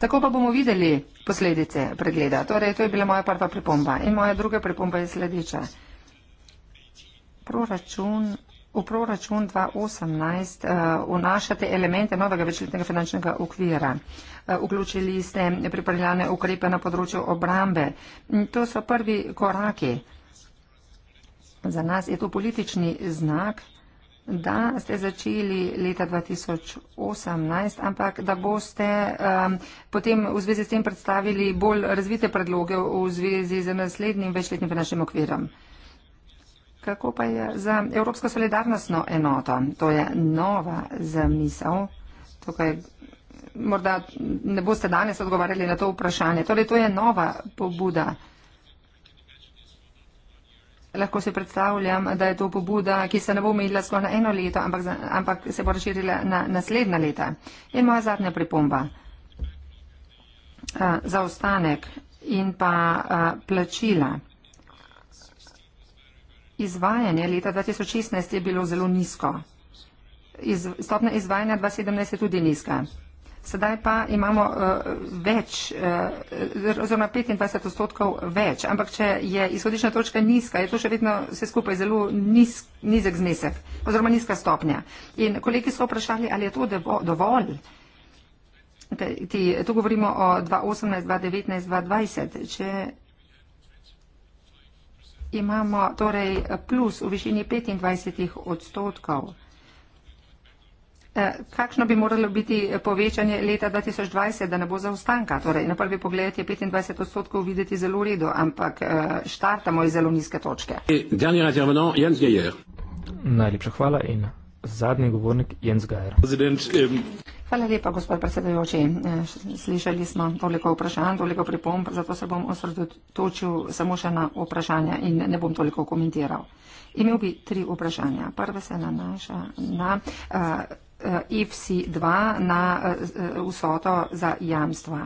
Tako pa bomo videli posledice pregleda. Torej, to je bila moja prva pripomba. In moja druga pripomba je sledeča proračun, v proračun 2018 uh, eh, vnašate elemente novega večletnega finančnega okvira. Uh, vključili ste pripravljane ukrepe na področju obrambe. To so prvi koraki. Za nas je to politični znak, da ste začeli leta 2018, ampak da boste um, potem v zvezi s tem predstavili bolj razvite predloge v zvezi z naslednjim večletnim finančnim okvirom. Uh, Kako pa je za Evropsko solidarnostno enoto? To je nova zamisel. Tukaj morda ne boste danes odgovarjali na to vprašanje. Torej, to je nova pobuda. Lahko se predstavljam, da je to pobuda, ki se ne bo omejila skoraj na eno leto, ampak, ampak se bo razširila na naslednja leta. In moja zadnja pripomba. Eh, zaostanek in pa eh, plačila izvajanje leta 2016 je bilo zelo nizko. Iz, stopna izvajanja 2017 je tudi nizka. Sedaj pa imamo uh, več, uh, oziroma 25 odstotkov več, ampak če je izhodišna točka nizka, je to še vedno vse skupaj zelo niz, nizek znesek, oziroma nizka stopnja. In kolegi so vprašali, ali je to devo, dovolj. Te, ti, tu govorimo o 2018, 2019, 2020. Če imamo torej plus v višini 25 odstotkov. Eh, kakšno bi moralo biti povečanje leta 2020, da ne bo zaostanka? Torej, na prvi pogled je 25 odstotkov videti zelo v redu, ampak eh, štartamo iz zelo nizke točke. Najlepša hvala in zadnji govornik Jens Gajer. Hvala lepa, gospod predsedujoči. Eh, slišali smo toliko vprašanj, toliko pripomb, zato se bom osredotočil samo še na vprašanja in ne bom toliko komentiral. Imel bi tri vprašanja. Prve se nanaša na eh, IFSI-2, na eh, vsoto za jamstva.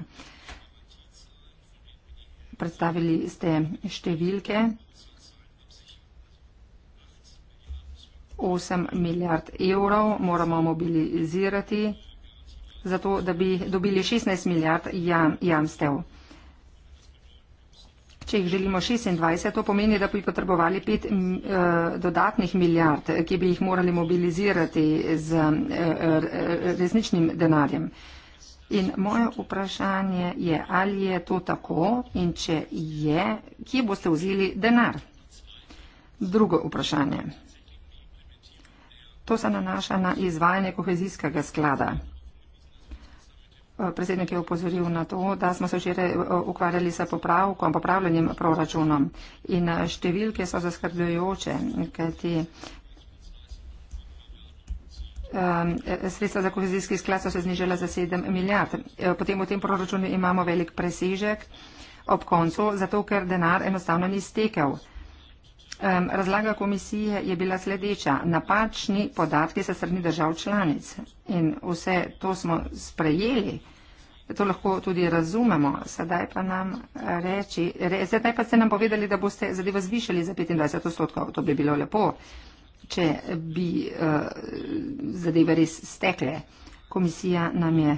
Predstavili ste številke. 8 milijard evrov moramo mobilizirati zato da bi dobili 16 milijard jam, jamstev. Če jih želimo 26, to pomeni, da bi potrebovali pet uh, dodatnih milijard, ki bi jih morali mobilizirati z uh, uh, resničnim denarjem. In moje vprašanje je, ali je to tako in če je, kje boste vzeli denar? Drugo vprašanje. To se nanaša na izvajanje kohezijskega sklada. Eh, predsednik je upozoril na to, da smo se včeraj eh, ukvarjali s popravkom, popravljanjem proračunom in eh, številke so zaskrbljujoče, kajti sredstva za kohezijski sklad so se znižala za 7 milijard. Potem v tem proračunu imamo velik presežek ob koncu, zato ker denar enostavno ni stekel. Razlaga komisije je bila sledeča. Napačni podatki se strani držav članic in vse to smo sprejeli. To lahko tudi razumemo. Sedaj pa, nam eh, reči, re, sedaj pa ste nam povedali, da boste zadevo zvišali za 25 odstotkov. To bi bilo lepo, če bi uh, zadeve res stekle. Komisija nam je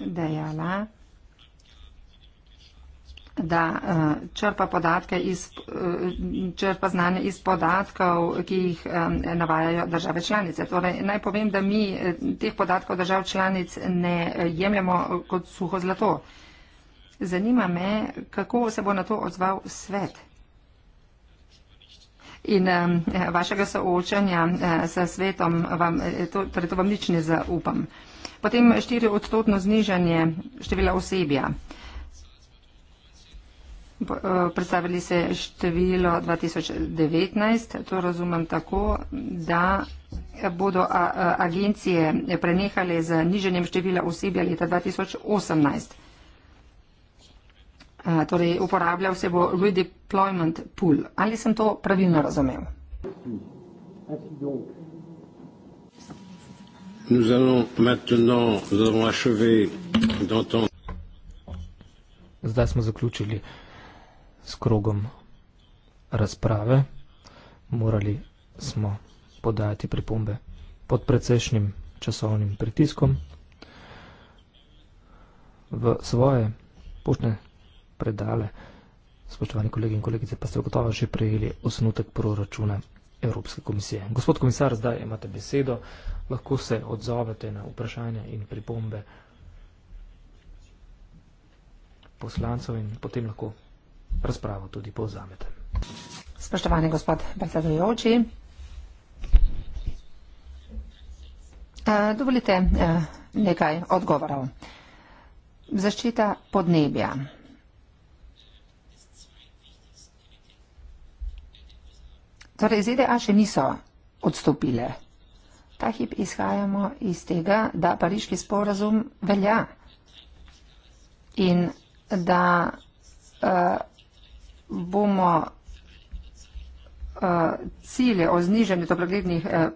dejala da eh, črpa, podatke iz, eh, črpa znanje iz podatkov, ki jih eh, navajajo države članice. Torej, naj povem, da mi teh podatkov držav članic ne jemljemo kot suho zlato. Zanima me, kako se bo na to odzval svet in vašega soočanja s svetom, vam, to, torej to vam nič ne zaupam. Potem štiri odstotno znižanje števila osebja predstavili se število 2019. To razumem tako, da bodo agencije prenehali z niženjem števila osebja leta 2018. Torej, uporabljal se bo redeployment pool. Ali sem to pravilno razumel? Zdaj smo zaključili s krogom razprave, morali smo podajati pripombe pod precejšnjim časovnim pritiskom. V svoje poštne predale, spoštovani kolegi in kolegice, pa ste gotovo že prejeli osnutek proračuna Evropske komisije. Gospod komisar, zdaj imate besedo, lahko se odzovete na vprašanja in pripombe poslancov in potem lahko razpravo tudi povzamete. Spoštovani gospod predsedujoči, eh, dovolite eh, nekaj odgovorov. Zaščita podnebja. Torej, ZDA še niso odstopile. Ta hip izhajamo iz tega, da pariški sporazum velja in da uh, bomo uh, cilje o znižanju toplogrednih. Uh,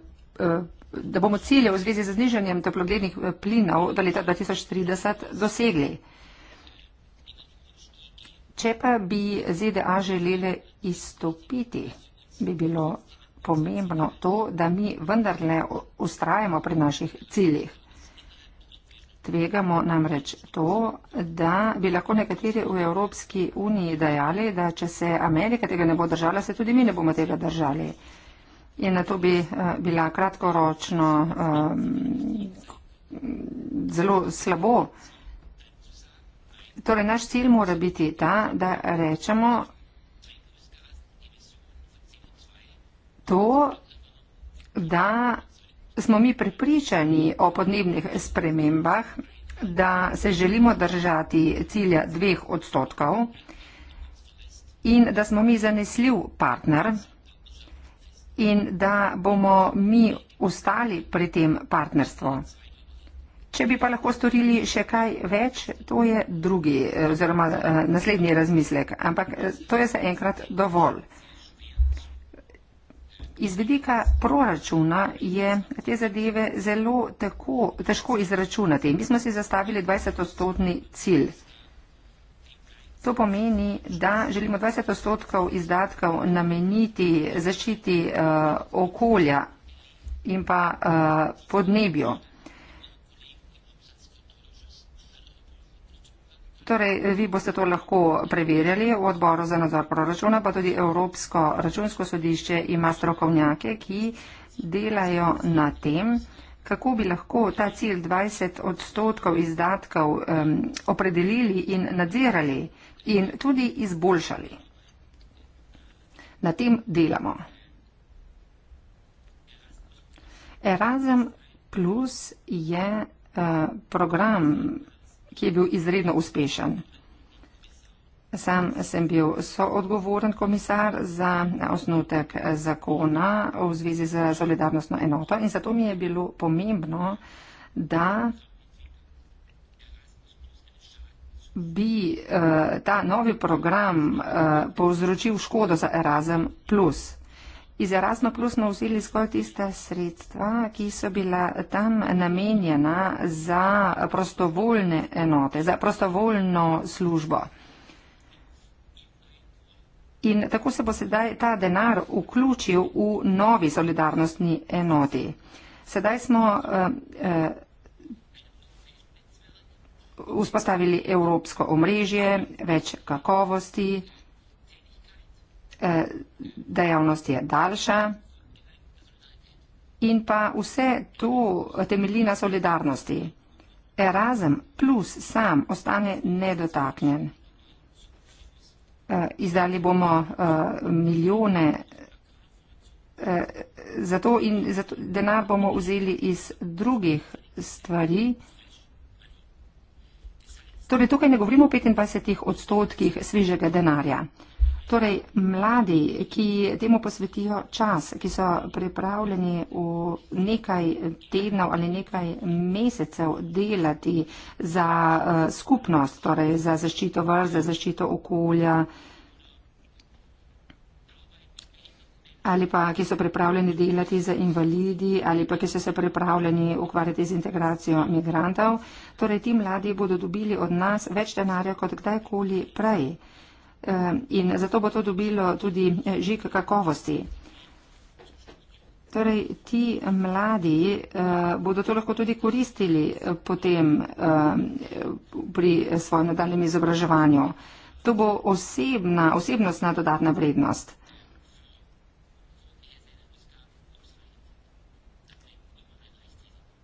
uh, da bomo cilje v zvezi z znižanjem toplogrednih plinov do leta 2030 dosegli. Če pa bi ZDA želele izstopiti, bi bilo pomembno to, da mi vendarle ustrajamo pri naših ciljih. Tvegamo namreč to, da bi lahko nekateri v Evropski uniji dajali, da če se Amerika tega ne bo držala, se tudi mi ne bomo tega držali. In na to bi eh, bila kratkoročno um, zelo slabo. Torej, naš cilj mora biti ta, da rečemo to, da smo mi pripričani o podnebnih spremembah, da se želimo držati cilja dveh odstotkov in da smo mi zanesljiv partner in da bomo mi ostali pri tem partnerstvu. Če bi pa lahko storili še kaj več, to je drugi oziroma eh, naslednji razmislek, ampak eh, to je za enkrat dovolj. Iz vidika proračuna je te zadeve zelo tako, težko izračunati. Mi smo si zastavili 20-odstotni cilj. To pomeni, da želimo 20-odstotkov izdatkov nameniti zaščiti uh, okolja in pa uh, podnebju. Torej, vi boste to lahko preverjali v odboru za nadzor proračuna, pa tudi Evropsko računsko sodišče ima strokovnjake, ki delajo na tem, kako bi lahko ta cilj 20 odstotkov izdatkov um, opredelili in nadzirali in tudi izboljšali. Na tem delamo. Erasmus Plus je uh, program ki je bil izredno uspešen. Sam sem bil soodgovoren komisar za osnutek zakona v zvezi z solidarnostno enoto in zato mi je bilo pomembno, da bi uh, ta novi program uh, povzročil škodo za Erasmus iz Erasma Plus smo vzeli zgolj tiste sredstva, ki so bila tam namenjena za prostovoljne enote, za prostovoljno službo. In tako se bo sedaj ta denar vključil v novi solidarnostni enoti. Sedaj smo uh, uh, vzpostavili evropsko omrežje, več kakovosti dejavnost je daljša in pa vse to temelji na solidarnosti. Erazem plus sam ostane nedotaknjen. E, izdali bomo e, milijone e, za to in zato denar bomo vzeli iz drugih stvari. Torej, tukaj ne govorimo o 25 odstotkih svežega denarja. Torej, mladi, ki temu posvetijo čas, ki so pripravljeni v nekaj tednov ali nekaj mesecev delati za uh, skupnost, torej za zaščito vrst, za zaščito okolja ali pa ki so pripravljeni delati za invalidi ali pa ki so se pripravljeni ukvarjati z integracijo migrantov, torej ti mladi bodo dobili od nas več denarja kot kdajkoli prej. Eh, in zato bo to dobilo tudi eh, žik kakovosti. Torej, ti mladi uh, bodo to lahko tudi koristili uh, potem uh, pri svojem nadaljem izobraževanju. To bo osebna, osebnostna dodatna vrednost.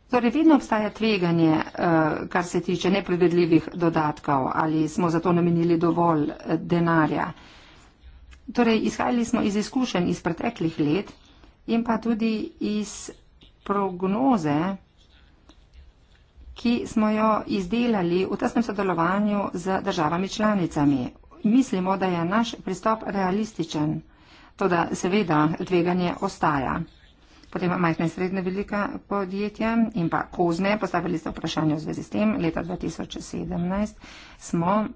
Torej, vedno obstaja tveganje, eh, kar se tiče nepredvedljivih dodatkov, ali smo za to namenili dovolj eh, denarja. Torej, izhajali smo iz izkušenj iz preteklih let in pa tudi iz prognoze, ki smo jo izdelali v tesnem sodelovanju z državami članicami. Mislimo, da je naš pristop realističen, to da seveda tveganje ostaja potem majhna in srednja velika podjetja in pa kozne. Postavili ste vprašanje v zvezi s tem. Leta 2017 smo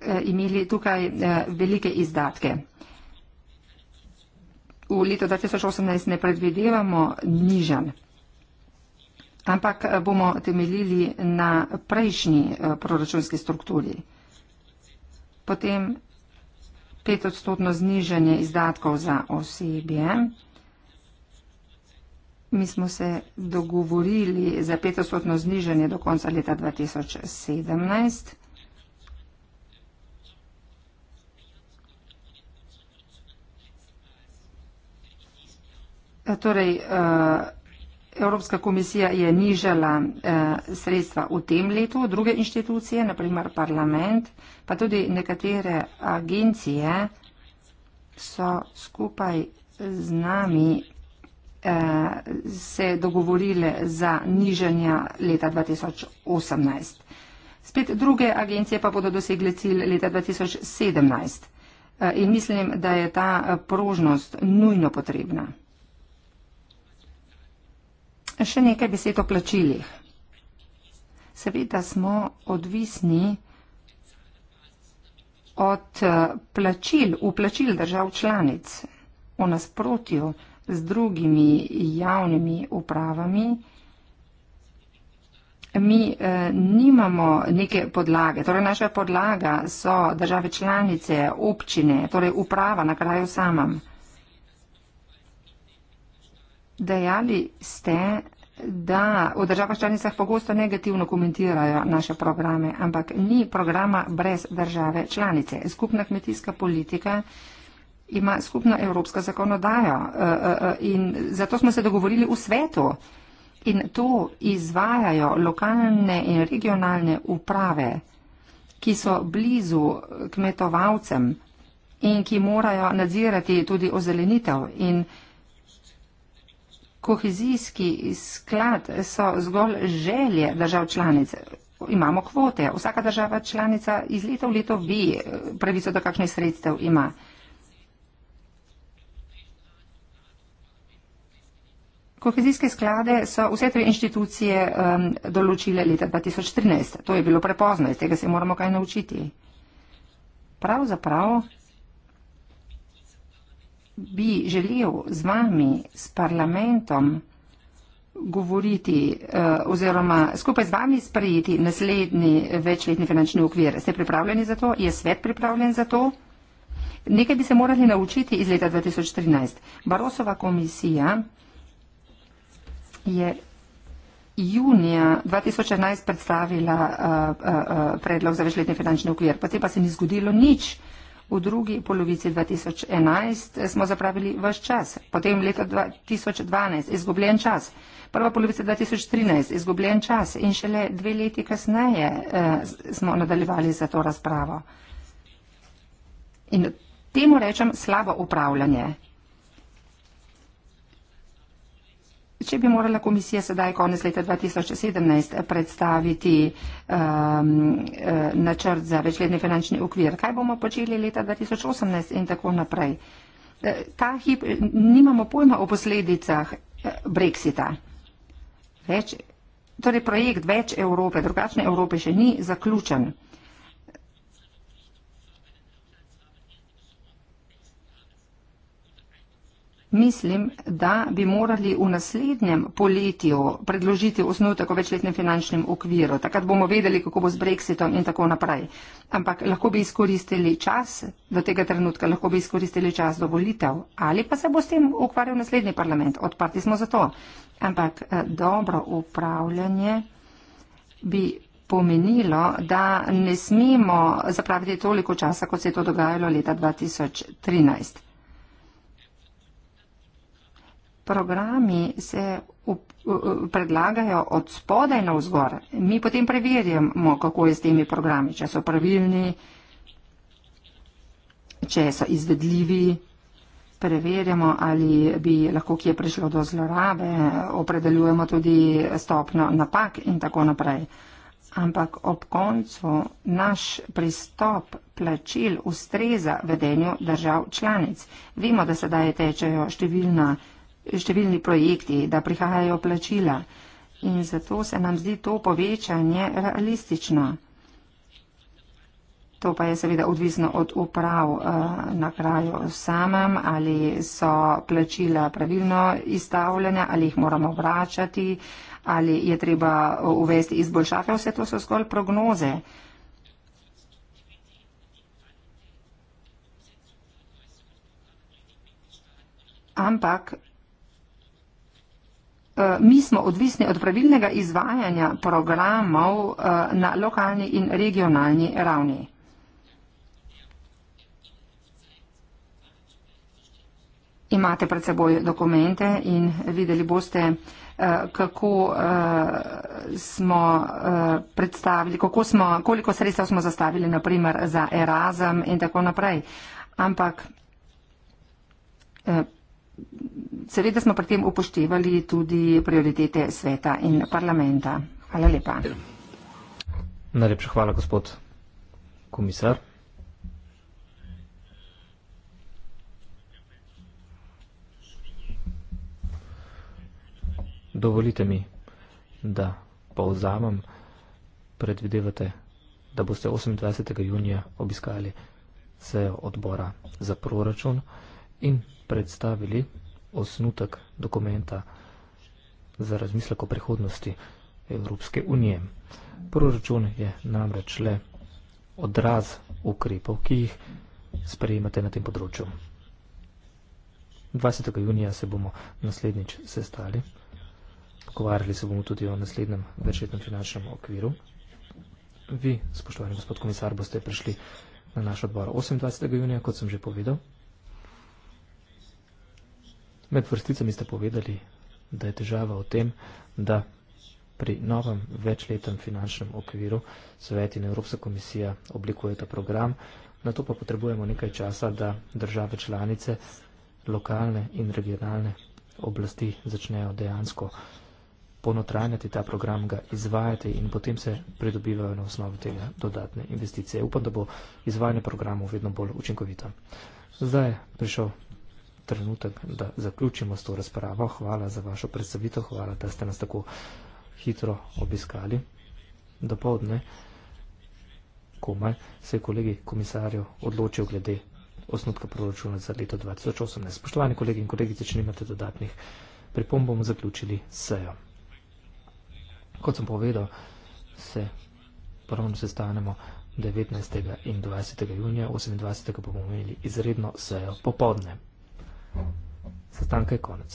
eh, imeli tukaj eh, velike izdatke. V letu 2018 ne predvidevamo nižan, ampak eh, bomo temeljili na prejšnji proračunski strukturi. Potem petodstotno znižanje izdatkov za osebje. Mi smo se dogovorili za petosotno znižanje do konca leta 2017. Torej, eh, Evropska komisija je nižala eh, sredstva v tem letu, druge inštitucije, naprimer parlament, pa tudi nekatere agencije so skupaj z nami Eh, se dogovorile za nižanja leta 2018. Spet druge agencije pa bodo dosegle cilj leta 2017 eh, in mislim, da je ta eh, prožnost nujno potrebna. Še nekaj besed o plačilih. Seveda smo odvisni od plačil, uplačil držav članic. O nasprotju z drugimi javnimi upravami, mi eh, nimamo neke podlage. Torej, naša podlaga so države članice, občine, torej uprava na kraju samem. Dejali ste, da v državah članicah pogosto negativno komentirajo naše programe, ampak ni programa brez države članice. Skupna kmetijska politika ima skupna evropska zakonodaja eh, eh, eh, in zato smo se dogovorili v svetu in to izvajajo lokalne in regionalne uprave, ki so blizu kmetovalcem in ki morajo nadzirati tudi ozelenitev in kohezijski sklad so zgolj želje držav članic. Imamo kvote, vsaka država članica iz leta v leto ve pravico, da kakšne sredstev ima. Kohezijske sklade so vse tri inštitucije um, določile leta 2013. To je bilo prepozno, iz tega se moramo kaj naučiti. Pravzaprav bi želel z vami, s parlamentom, govoriti uh, oziroma skupaj z vami sprejeti naslednji večletni finančni okvir. Ste pripravljeni za to? Je svet pripravljen za to? Nekaj bi se morali naučiti iz leta 2013. Barosova komisija je junija 2011 predstavila uh, uh, uh, predlog za večletni finančni okvir, potem pa se ni zgodilo nič. V drugi polovici 2011 smo zapravili vaš čas, potem leta 2012 izgubljen čas, prva polovica 2013 izgubljen čas in šele dve leti kasneje eh, smo nadaljevali za to razpravo. In temu rečem slabo upravljanje. Če bi morala komisija sedaj konec leta 2017 predstaviti um, eh, načrt za večletni finančni okvir, kaj bomo počeli leta 2018 in tako naprej? Eh, ta hip eh, nimamo pojma o posledicah brexita. Več, torej projekt več Evrope, drugačne Evrope še ni zaključen. Uh, Mislim, da bi morali v naslednjem poletju predložiti osnutek o večletnem finančnem okviru. Takrat bomo vedeli, kako bo z brexitom in tako naprej. Ampak lahko bi izkoristili čas do tega trenutka, lahko bi izkoristili čas do volitev. Ali pa se bo s tem ukvarjal naslednji parlament. Odprti smo za to. Ampak eh, dobro upravljanje bi pomenilo, da ne smemo zapraviti toliko časa, kot se je to dogajalo leta 2013 programi se predlagajo od spodaj na vzgor. Mi potem preverjamo, kako je s temi programi, če so pravilni, če so izvedljivi, preverjamo, ali bi lahko kje prišlo do zlorabe, opredeljujemo tudi stopno napak in tako naprej. Ampak ob koncu naš pristop plačil ustreza vedenju držav članic. Vemo, da sedaj tečejo številna številni projekti, da prihajajo plačila in zato se nam zdi to povečanje realistično. To pa je seveda odvisno od uprav eh, na kraju samem, ali so plačila pravilno izstavljena, ali jih moramo vračati, ali je treba eh, uvesti izboljšave. Vse to so zgolj prognoze. Ampak Eh, mi smo odvisni od pravilnega izvajanja programov eh, na lokalni in regionalni ravni. Imate pred seboj dokumente in videli boste, eh, kako smo predstavili, kako smo, koliko sredstev smo zastavili, naprimer, za Erasm in tako naprej. Ampak Seveda smo pri tem upoštevali tudi prioritete sveta in parlamenta. Hvala lepa. Najlepša hvala, gospod komisar. Dovolite mi, da povzamem. Predvidevate, da boste 28. junija obiskali sejo odbora za proračun in predstavili osnutek dokumenta za razmislek o prihodnosti Evropske unije. Proračun je namreč le odraz ukrepov, ki jih sprejemate na tem področju. 20. junija se bomo naslednjič sestali. Pogovarjali se bomo tudi o naslednjem večletnem finančnem okviru. Vi, spoštovani gospod komisar, boste prišli na naš odbor 28. junija, kot sem že povedal. Med vrsticami ste povedali, da je težava v tem, da pri novem večletnem finančnem okviru Svet in Evropska komisija oblikujeta program, na to pa potrebujemo nekaj časa, da države članice, lokalne in regionalne oblasti začnejo dejansko ponotranjati ta program, ga izvajati in potem se pridobivajo na osnovi tega dodatne investicije. Upam, da bo izvajanje programov vedno bolj učinkovito. Zdaj je prišel trenutek, da zaključimo s to razpravo. Hvala za vašo predstavitev, hvala, da ste nas tako hitro obiskali. Do povdne, komaj se je kolegi komisarjo odločil glede osnutka proračuna za leto 2018. Spoštovani kolegi in kolegice, če nimate dodatnih pripomb, bomo zaključili sejo. Kot sem povedal, se ponovno sestanemo 19. in 20. junija, 28. bomo imeli izredno sejo popovdne. Sestanka je konec.